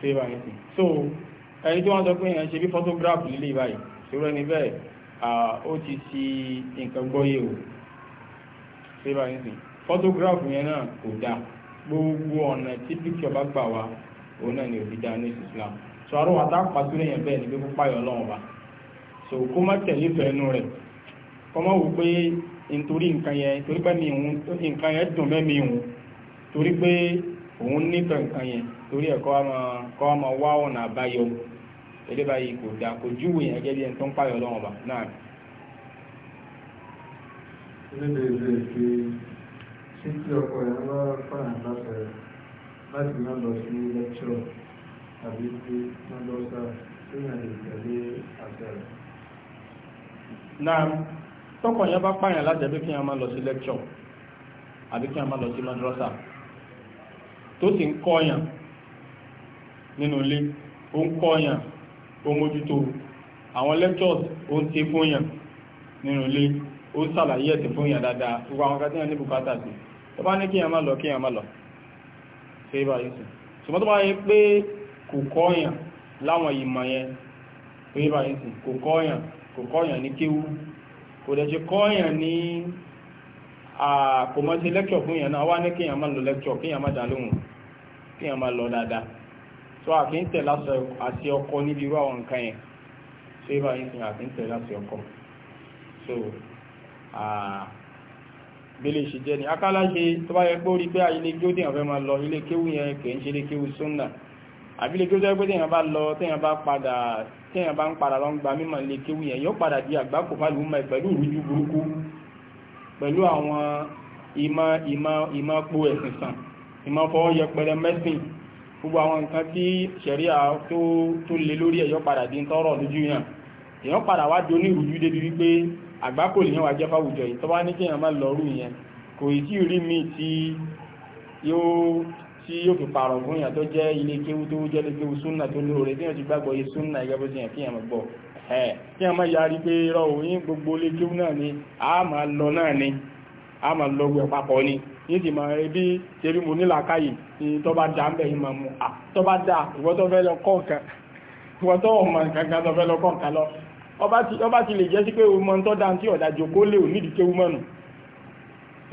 ṣé báyìí sí so ẹni tí wọ́n sọ pé ẹ̀ ń ṣe bí photograph lílé báyìí ṣòro ẹni bẹ́ẹ̀ ó ti ṣi nǹkan gbọ́yé o ṣé báyìí sí photograph yẹn náà kò dáa gbogbo ọ̀nà tí picture bá gbà wá òun náà ni òbí dáa ní Islam sọ̀rọ̀ àtàkùn pàṣẹ yẹn bẹ́ẹ̀ ni pé kó páyọ̀ ọlọ́run bá so kó má tẹ̀lé fẹ́nu rẹ̀ kọmọ́ wù pé nítorí nǹkan yẹn torí dùn mẹ́mi òun torí pé òun nífẹ̀ẹ́ nǹkan yẹn torí ẹ̀ ọmọ wá ọ̀nà àbáyọ kò kò bí ẹni tó ń lọ́wọ́ bá náà. láti lọ sí lẹ́kṣọ̀ àbí tí lọ sáà náà tọ́kọ̀ yẹn bá pààyàn láti ẹbí kí wọ́n máa lọ sí lẹ́kṣọ̀ àbí kí wọ́n máa lọ sí madrasa tó sì ń kọ́ọ̀yàn nínú ilé ó ń kọ́ọ̀yàn ó mójútó àwọn lectures ó ń ṣe fún yàn nínú ilé ó ń ṣàlàyé ẹ̀sìn fún yàn dáadáa gbogbo àwọn kàtíyàn ní bùkátà sí tó bá ní kí yàn má lọ kí yàn má lọ ṣe é báyìí sí ṣùgbọ́n tó bá yẹ pé kò kọ́ọ̀yàn láwọn ìmọ̀ yẹn ṣe é báyìí sí kò kọ́ọ̀yàn kò kọ́yàn ní kéwú kò dẹ̀ ṣe kọ́yàn ní àkòmọ́sí lẹ́kṣọ̀ fún yàn náà wá ní kíyàn máa lọ lẹ́kṣọ̀ kíyàn máa dá lóhùn kíyàn máa lọ dáadáa tó àfi ń tẹ̀lé àti ọkọ níbi irú àwọn nǹkan yẹn tó yẹ báyìí sìn àfi ń tẹ̀lé àti ọkọ so bílẹ̀ ṣe jẹ́ ni akálá ṣe tó bá yẹ pé ó pé ilé kéwú dìyàn fẹ́ máa lọ ilé kéwú yẹn kì í ṣe ilé kéwú sunna àbí lè kí ó jẹ́ pé téèyàn bá lọ téèyàn bá padà téèyàn bá ń padà lọ ń gba mímọ̀ lè kéwù yẹn yóò padà di àgbákò fáliwú mọ́ pẹ̀lú ìrújú burúkú pẹ̀lú àwọn ìmọ̀ ìmọ̀ ìmọ̀ po ẹ̀sìn sàn ìmọ̀ fọwọ́ yẹpẹrẹ mẹ́sìn gbogbo àwọn nǹkan tí ṣẹ̀ríà tó tó lé lórí ẹ̀ yóò padà di ń tọ́rọ̀ lójú yàn èèyàn padà wá di onírújú débi wípé àgbákò lèèyàn tí yóò fi pààrọ̀ fún yàn tó jẹ́ ilé kéwú tó jẹ́ ilé kéwú súnà tó lóore tí yàn ti gbàgbọ́ yé súnà gẹ́gẹ́ bó yàn kí yàn mọ̀ gbọ́ òyìn gbogbo ilé kéwú náà ni a máa lọ náà ni a máa lọ gbẹ papọ̀ ni ti máa bí mo ní làákàyè ni tó bá da ń bẹ̀ yìí máa a tó bá da lọ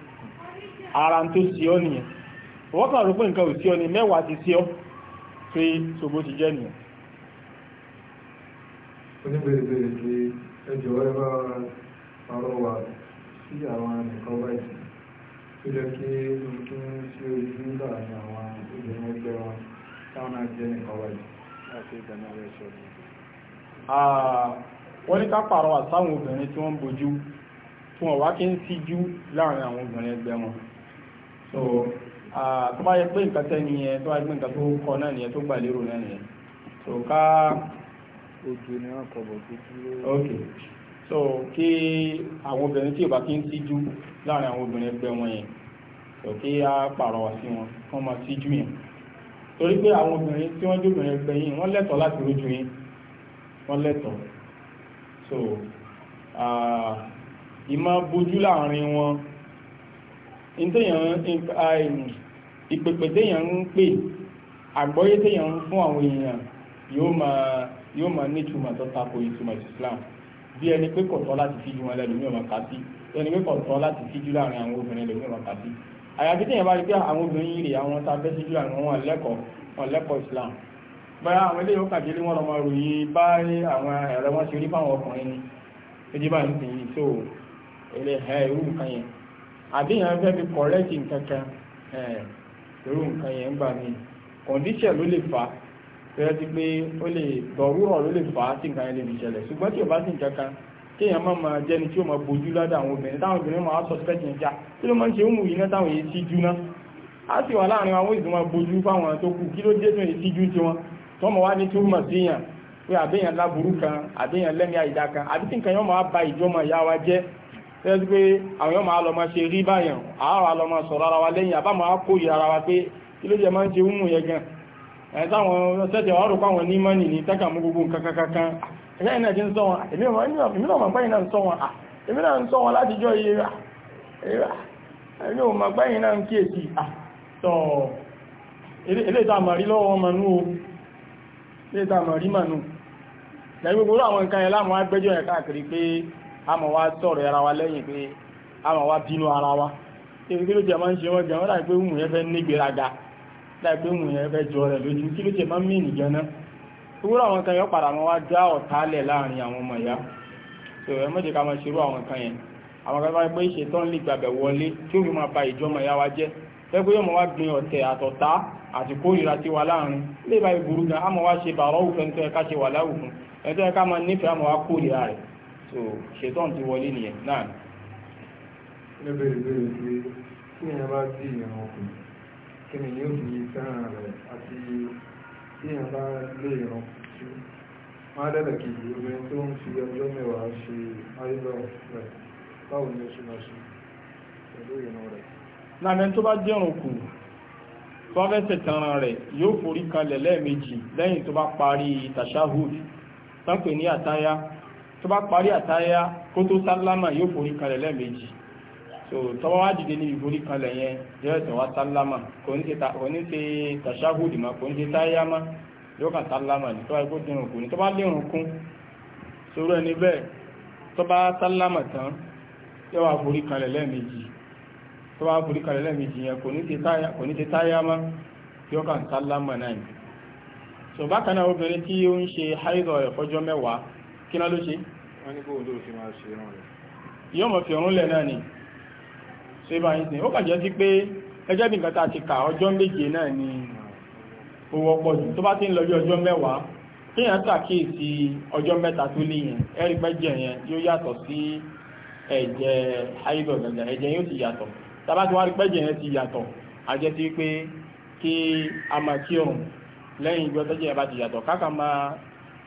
ara tó sí ọ nìyẹn wọ́n kàn rò pé nǹkan ò sí ọ ní mẹ́wàá ti sí ọ pé ṣògbó ti jẹ́ nìyẹn oníbèrèbèrè pé ẹjọ́ ẹ bá ọ̀rọ̀ wà sí àwọn nìkan báyìí tó jẹ́ kí ohun tó ń sí ojú nígbà ní àwọn obìnrin ẹgbẹ́ wọn táwọn náà jẹ́ nìkan báyìí láti ìdáná rẹ̀ ṣọ́ wọ́n ní ká pàrọwà sáwọn obìnrin tí wọ́n ń bojú tí wọ́n wá kí ń síjú láàrin àwọn obìnrin ẹgbẹ́ so tó bá yẹ pé nǹkan tẹ́ni yẹn tó bá yẹ pé nǹkan tó kọ náà nìyẹn tó gbà lérò náà nìyẹn so ká. ojú ni wọn kọ bọ tó dúró. ok so kí àwọn obìnrin tí ò bá kí ń síjú láàrin àwọn obìnrin ẹgbẹ́ wọn yẹn so kí á pààrọ̀ wá sí wọn kí wọ́n máa síjú yẹn torí pé àwọn obìnrin tí wọ́n jóbìnrin ẹgbẹ́ yìí wọ́n lẹ́tọ̀ọ́ láti rójú yín wọ́n lẹ́tọ̀ọ́ so ìmọ̀ bójú láàrin wọn ìpèpè téèyàn ń pè àgbọ́yé téèyàn ń fún àwọn èèyàn yóò máa yóò máa ní ìtumọ̀ tó tako ìtumọ̀ Islam bí ẹni pé kò tọ́ láti fíjú wọn lẹ́nu mìíràn kà sí ẹni pé kò tọ́ láti fíjú láàrin àwọn obìnrin lẹ́nu mìíràn kà sí àyàfi téèyàn bá rí pé àwọn obìnrin yìí rè àwọn tá a fẹ́ síjú láàrin wọn lẹ́kọ̀ọ́ wọn lẹ́kọ̀ọ́ Islam báyà àwọn eléyìí ó kàjé lé wọn lọ máa ròyìn bá àwọn ẹ̀rọ wọn ṣe rí fáwọn ọkùnrin ni ó àbí yẹn fẹ́ fi kọ̀rẹ́tì nkankan irú nǹkan yẹn ń gbà mí kọ̀ǹdíṣẹ̀ ló lè fà á fẹ́rẹ́ ti pé ó lè dọ̀rúrọ̀ ló lè fà á tí nǹkan yẹn lè fi ṣẹlẹ̀ ṣùgbọ́n tí o bá sì nkankan kéèyàn má máa jẹ́ni tí ó máa bójú lọ́dọ̀ àwọn obìnrin táwọn obìnrin máa sọ síkẹ́tì yẹn já kí ló máa ń ṣe ń mú yìí náà táwọn èyí síjú náà á sì wà láàrin àwọn ìdùnnú abojú fáwọn tó kù kí ló dé tó èyí síjú tiwọn tọmọ wá ní túmọ̀ sí yàn pé àbẹ́yàn láburú kan àbẹ́yàn lẹ́mí àìdá kan àbí tí nǹkan yẹn máa ba ìjọmọ̀ ìyá wa jẹ́ tẹ́sí pé àwọn yóò máa lọ máa ṣe rí báyàn àárọ̀ àlọ́ máa sọ̀rọ̀ ara wa lẹ́yìn àbámọ́ àkóyè ara wa pé kí ló jẹ́ máa ń ṣe wúmù yẹn gan ẹ̀ táwọn sẹ́tẹ̀ ọ̀rọ̀ páwọn ní mọ́nì ní tẹ́kàmú gbogbo nǹkan kankan ẹ̀yẹ́ iná ti ń sọ wọn èmi náà mọ̀ gbẹ́yìn náà ń sọ wọn èmi náà ń sọ wọn látijọ́ iye èmi ò mọ̀ gbẹ́yìn náà ń kíyèsí tọ́ ilé ìtàmàrí lọ́wọ́ o ilé ìtàmàrí manú lẹ́gbẹ̀gbẹ̀ àmọ́ wa sọ̀rọ̀ ara wa lẹ́yìn pé àmọ́ wa bínú ara wa ebi kí ló jẹ́ máa ń ṣe wọ́n jẹun láì pé wùn yẹn fẹ́ nígbèraga láì pé wùn yẹn fẹ́ jọ rẹ̀ lójú kí ló jẹ́ máa ń mí nìjọ náà ìwúrọ̀ àwọn kan yọ padà mọ́ wá dá ọ̀tálẹ̀ láàrin àwọn ọmọ ìyá so ẹ mọ́jẹ́ ká máa ṣerú àwọn kan yẹn àwọn kan bá pé ìṣètọ́ ń lè gbàgbẹ̀ wọlé tí ó fi máa ba ìjọ ọmọ ìyá wa jẹ́ fẹ́ pé yóò mọ̀ wá gbin ọ̀tẹ̀ àtọ̀tá so ṣetán ti wọlé nìyẹn náà. lẹ́bẹ̀rẹ̀ ìbéèrè pé tí èèyàn bá dí ìyàn ọkùnrin kí ni yóò fi fẹ́ràn rẹ̀ àti tí èèyàn bá lé ìran sí máa dẹ́bẹ̀ kejì obìnrin tó ń fi ọjọ́ mẹ́wàá ṣe ayélujára rẹ̀ báwo ni ó ṣe máa ṣe pẹ̀lú ìran rẹ̀. láàmì tó bá jẹ́ òkú tó bá fẹ́sẹ̀ tanra rẹ̀ yóò forí kalẹ̀ lẹ́ẹ̀mejì lẹ́yìn tó bá parí tashahud tán pè ní àtáyá tó bá parí àtáyá kó tó sálámà yóò forí kalẹ̀ lẹ́ẹ̀mejì so tọ́wọ́ wá dìde níbi forí kalẹ̀ yẹn yóò tẹ̀ wá sálámà kò ní ṣe tàṣáhùdì mọ́ kò ní ṣe táyá mọ́ yóò kà sálámà ní tọ́wọ́ ikú dínrùn kù ní tọ́wọ́ dínrùn kún sórú ẹni bẹ́ẹ̀ tọ́wọ́ sálámà tán yóò wá forí kalẹ̀ lẹ́ẹ̀mejì tọ́wọ́ forí kalẹ̀ lẹ́ẹ̀mejì yẹn kò ní ṣe táyá mọ́ yóò kà sálámà náà so bákan náà obìnrin tí ó ń ṣe háìdọ̀ ẹ̀fọ́jọ́ mẹ́wàá kí náà ló ṣe yóò mọ̀ fi ọ̀rún lẹ̀ náà ni ṣe bá yìí sin ó kàjẹ́ sí pé ẹjẹ́ bí nǹkan tá ti kà ọjọ́ méje náà ni ó wọ́pọ̀ jù tó bá ti ń lọ bí ọjọ́ mẹ́wàá kíyàn ṣàkíyèsí ọjọ́ mẹ́ta tó léyìn ẹ̀rí pẹ́jẹ̀ yẹn yóò yàtọ̀ sí ẹ̀jẹ̀ àìdọ̀ gàgà ẹ̀jẹ̀ yóò ti yàtọ̀ tàbá ti wá rí pẹ́jẹ̀ yẹn ti yàtọ̀ àjẹ́ ti pé kí a máa kírun lẹ́yìn ìgbọ́ tẹ́jẹ̀ bá ti yàtọ̀ káka máa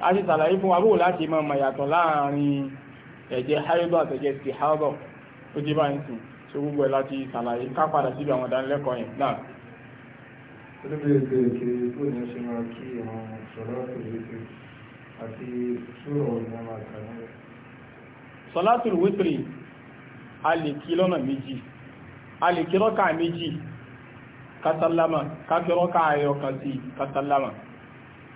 a ti sàlàyé fún wa bó láti mọ mọ yàtọ̀ láàrin ẹ̀jẹ̀ haidọ̀ àtẹ̀jẹ̀ stihaidọ̀ tó ti báyìí sùn tó gbogbo ẹ̀ láti sàlàyé ká padà síbi àwọn ìdánilẹ́kọ̀ọ́ yẹn náà. olùbẹ̀rẹ̀ bẹ̀rẹ̀ kiri tó lọ́nà méjì a rọ́kà méjì kásálámà káfí ayọ̀kan sí kásálámà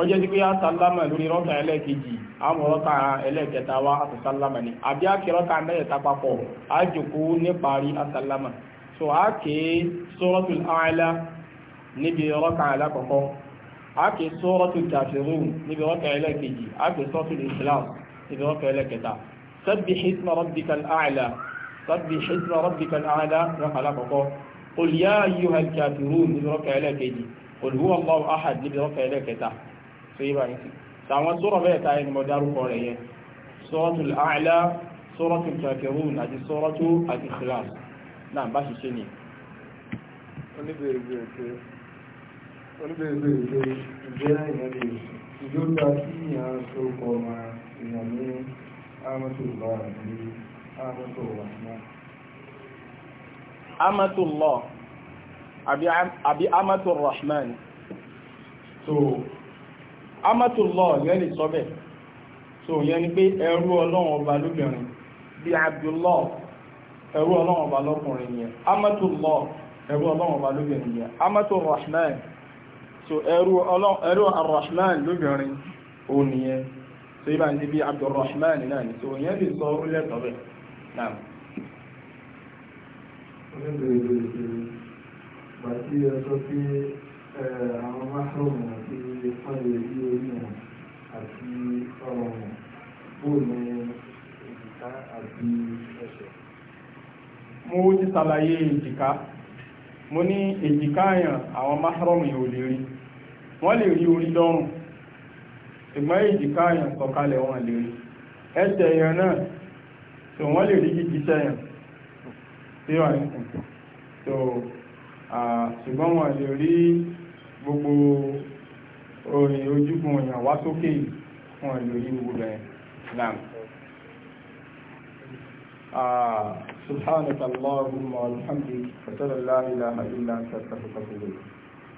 ọjọ́ tí pé a sálámà lórí rọ́kà ẹlẹ́ẹ̀kejì àwọn rọ́kà ẹlẹ́ẹ̀kẹta wá a sálámà ni àbí a kì rọ́kà mẹ́ẹ̀ta papọ̀ a jòkó níparí a sálámà so a kì í suratul A'la níbi rọ́kà alákọ̀ọ́kọ́ a kì í suratul Kafirun níbi rọ́kà ẹlẹ́ẹ̀kejì a kì í suratul Ikhlas níbi rọ́kà ẹlẹ́ẹ̀kẹta sabbih isma rabbikal a'la sabbih isma rabbikal a'la rọ́kà alákọ̀ọ́kọ́ qul ya ayyuhal kafirun níbi rọ́kà ẹlẹ́ẹ̀kejì qul huwa Allahu ahad níbi rọ́kà ẹlẹ́ẹ̀kẹta so yí báyìí sí sàwọn sọ́rọ̀ bẹ́ẹ̀ táyé ni mo dárúkọ rẹ̀ yẹ suratul a'la suratul kafirun àti suratu al-ikhlas náà bá ṣiṣẹ́ ni oníbèrè bèrè pé oníbèrè bèrè pé ìjẹ́ ìrìnàlè ìjọba tí ìyàn amatullah yẹn lè sọ bẹ́ẹ̀ so yẹn ni pé ẹrú ọlọ́run ọba lóbìnrin bíi abdullah ẹrú ọlọ́run ọba lọ́kùnrin yẹn amatullah ẹrú ọlọ́run ọba lóbìnrin yẹn amatul rahman so ẹrú arrahman lóbìnrin òun nìyẹn so yìí bá ń di bíi abdulrahman náà ni so yẹn lè sọ orílẹ̀ sọ bẹ́ẹ̀ náà. Oníbèrè ìgbà tí ẹ sọ pé Eh, àwọn máṣọ́ọ̀mù àti fáwọn orí orí wọn àti ọrọ̀ wọn bóòlù èjìká àti ẹsẹ̀. mo ti ṣàlàyé èjìká mo ní èjìká àyàn àwọn máṣọ́ọ̀mù yìí lè rí wọ́n lè rí orí lọ́rùn ṣùgbọ́n èjìká àyàn sọ̀kalẹ̀ wọn lè rí ẹsẹ̀ èèyàn náà tí wọ́n lè rí jíjí sẹ́yàn tí wà ní ah, ṣùgbọ́n wọn lè rí gbogbo orin ojúgun èèyàn wá sókè fún ẹ̀lú yìí gbogbo bẹ̀rẹ̀ náà سبحانك اللهم والحمدك وتلا لا إله إلا أنت أستغفرك